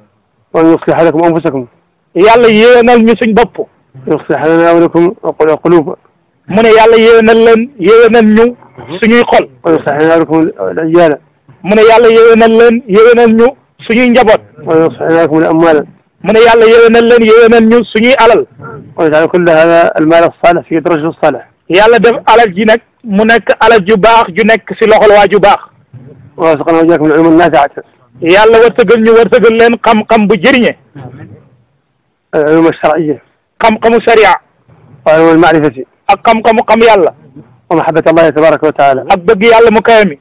wa yuslih lakum anfusakum yàlla yéwénal ñu suñ bopp yuslih lana wa lakum quluba mu ne yàlla yéwénal leen yéwénal ñu suñuy xol wa yuslih lana wa lakum al-ajyala mu ne yàlla yéwénal leen yéwénal ñu suñuy njaboot wa yuslih lana lakum al-amwala mu ne yàlla yéwénal leen yéwénal ñu suñuy alal wa yaj'al kulla hada al-mal as-salih fi yadi rajul salih yàlla def alal ji nag mu nekk alal ju baax ju nekk si loxol waa ju baax wa yàlla wërsëgal ñu wërsëgal leen xam-xam bu jëriñe ulum shar'iyya xam-xamu sharia wa ulum al-ma'rifati ak xam-xamu xam yàlla wa mahabbati allahi tabaraka wa taala ak bëgg yàlla mu kawe mi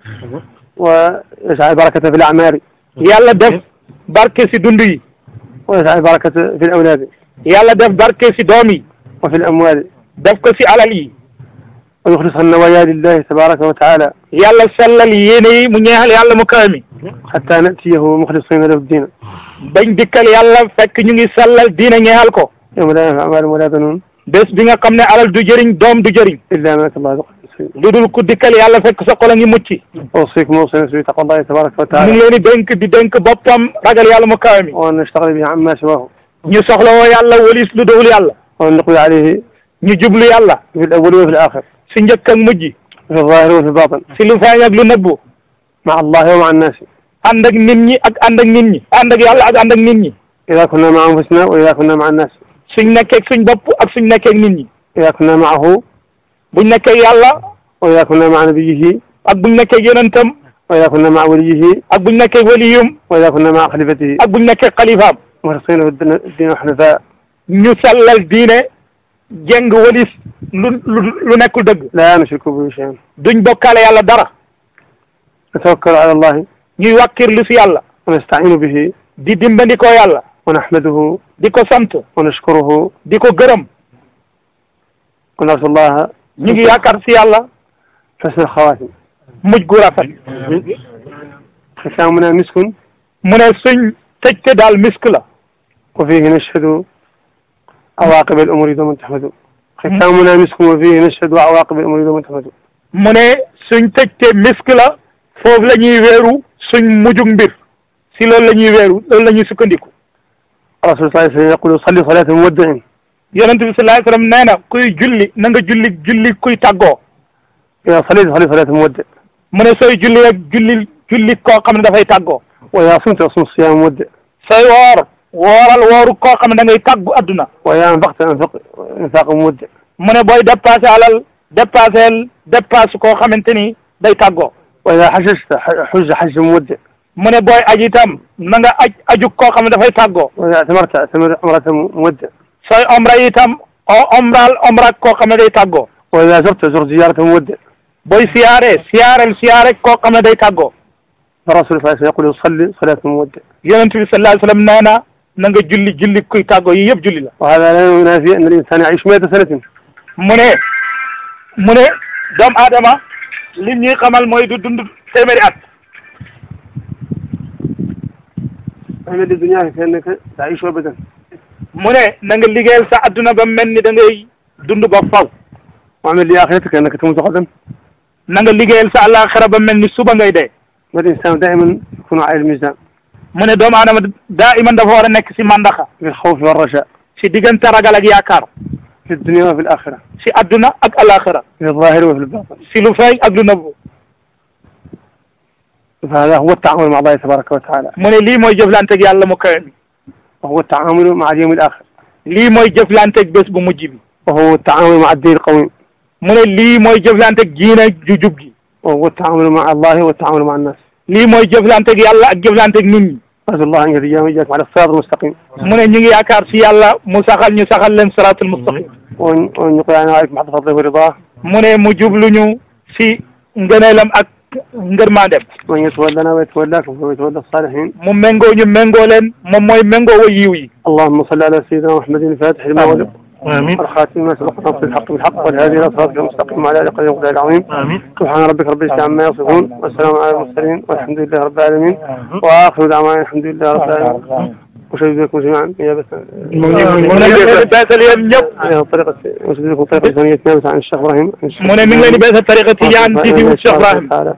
wa yaj'al barakata fi al-a'mari yàlla def barke si dund yi wa yaj'al barakata fi al-awlaadi yàlla def barke si doom yi wa fi al-amwaali def ko si alal yi wa yuxlisal nawaaya lillahi tabaraka wa taala yàlla sellal yéene yi mu ñeexal yàlla mu kawe mi xatta natiyahu muxlisina lahu diina bañ dikkal yàlla fekk ñu ngi sellal diina ñeexal ko yawma laa yanfau maalun wa laa banuun bés bi nga xam ne alal du jëriñ doom du jëriñ illa man atallah lu dul ku dikkal yàlla fekk sa xol a ngi mucc awsiikum wa awsi nafsi bi taqwallahi tabaraka wa taala mu ngi leen di dénk di dénk boppam ragal yàlla mu kawe mi wa an nastaxli bihi amma siwaahu ñu soxla woo yàlla walis lu dul yàlla wa an naqbila alayhi ñu jublu yàlla fi l awwal wa fi l axir si njëkk ak mujj. fi zaahiri wa fi baatin. si lu feeñ ak lu nëbbu. ma allahi wa ma annaasi. ànd ak nit ñi ak ànd ak nit ñi. ànd ak yàlla ak ànd ak nit ñi. idaa kunna ma anfusina wa idaa kunna ma annaasi. suñ nekkeeg suñ bopp ak suñ nekkeeg nit ñi. idaa kunna maahu. buñ nekkee yàlla. wa idaa kunna ma nabiyihi. ak buñ nekkee yonentam. wa idaa kunna ma waliyihi. ak buñ nekkee waliyum. wa idaa kunna ma xalifatihi. ak buñ nekkee xalifaam. wa rasina diina xunafaa. ñu sellal diine. jeng walis lu lu lu nekkul dëgg. laa nushriku bihi shay'an. duñ bokkaale yàlla dara. natawakkalu ala allahi. ñuy wàkkirlu si yàlla. wa nasta'iinu bihi. di dimbandikoo yàlla. wa nahmaduhu. di ko sant. wa nashkuruhu. di ko gërëm. wa narju llaha. ñu ngi yaakaar si yàlla. xusnal xawaatim. mujj gu rafet. xisaamuna miskun. mu ne suñ tëjte daal misk la. wa fiihi nashhadu awaaqiba al-umuuri xitaamunaa miskun wa fiihi nashhadu wa awaaqibu l-umuri yawma tuhmadu mu ne suñ te misk la foofu la ñuy weeru suñ mujjug mbir si loolu la ñuy weeru loolu la ñuy sukkandiku rasul sallallahu alayhi wa sallam yaqulu salli salaata nee na kuy julli na nga julli julli kuy tàggoo yaa salli salli salaata muwaddi' mu ne sooy julli rek julli julli koo xam ne dafay tàggoo wa yaa sumta sum siyaama muwaddi' sooy woor wooral wooru koo xam ne da ngay tàggu adduna waaye yaa baxta infaq infaq mudd mu ne booy dépassé alal dépasseel dépasse koo xamante ni day tàggoo waaye xasasta xuj xaj mudd mu ne booy aji itam na nga aj aju koo xam ne dafay tàggoo waaye tamarta tamir omrata mudd sooy omra itam o omraal omra koo xam ne day tàggoo waaye surta sur ziyaarata mudd booy siyaare siyaareel siyaare koo xam ne day tàggoo rasul fa yaqul salli salaatu mudd yonent bi sallallahu alayhi wa sallam nee na na nga julli julli kuy tàggoo yi yëpp julli la wa hada la yunafi an al insana yaish miata sanatin mu ne mu ne doomu aadama li ñuy xamal mooy du dund téeméeri at amee di duñaa fi fenn que daa ish abadan mu ne na nga liggéeyal sa adduna ba mel ni da ngay dund ba faw wa amee li axirati ka annaka tamuutu xadan na nga liggéeyal sa àllaaxira ba mel ni suba ngay dee wal insanu daiman yakunu ala al mizan mu ne doomu aadama daa iman dafa war a nekk si mandaxa min xawf wa raja si diggante ragal ak yaakaar fi dunia wa fi alaxira si adduna ak alaxira fi zahir wa fi lbatin si lu feeñ ak lu nëbbu hada huwa taamul ma allahi tabaraka wa taala mu ne lii mooy jëflanteeg yàlla mu kawe mi wa huwa taamul ma al yawm al axir lii mooy jëflanteeg bés bu mujj bi wa huwa taamul ma addin al qawim mu ne lii mooy jëflanteeg diine ju jub gi wa huwa taamul ma allahi wa taamul ma annas lii mooy jëflanteeg yàlla ak jëflanteeg nit ñi asallah an yahdiyaahum wa iyyaakum ala siraatil mustaqiim mu ne ñu ngi yaakaar si yàlla mu saxal ñu saxal leen siraatil mustaqiim on on ñu qoyaana aleykum hatta fadlihi wa ridaa mu ne mu jubluñu si ngëneelam ak ngërmaandem wa yatawallanaa wa yatawallaakum wa yatawalla saalihiin mu méngoo ñu méngoo leen moom mooy méngoo wa yiw yi allahumma salli ala sayyidina muhammadin al-faatih limaa ughliq امين الخاتمه سبقتهم في الحق بالحق والهادي الى صراطك المستقيم وعلى اله قدر العظيم امين سبحان ربك رب العزه عما يصفون والسلام على المرسلين والحمد لله رب العالمين واخر دعوانا الحمد لله رب العالمين وشهدكم جميعا نيابة طريقة وشهدكم طريقة ثانية نيابة عن الشيخ ابراهيم من من الذي بعث الطريقة عن سيدي والشيخ ابراهيم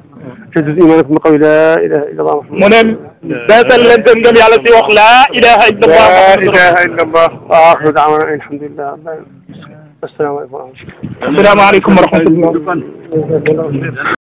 tajid imaanakum bi qawli laa ilaaha illa Allah mu ne beesal leen seen ngëm yàlla si wax laa ilaaha illa Allah laa ilaaha illa Allah wa aaxiru da'waanaa ani alhamdulillah asalaamaaleykum wa rahmatullah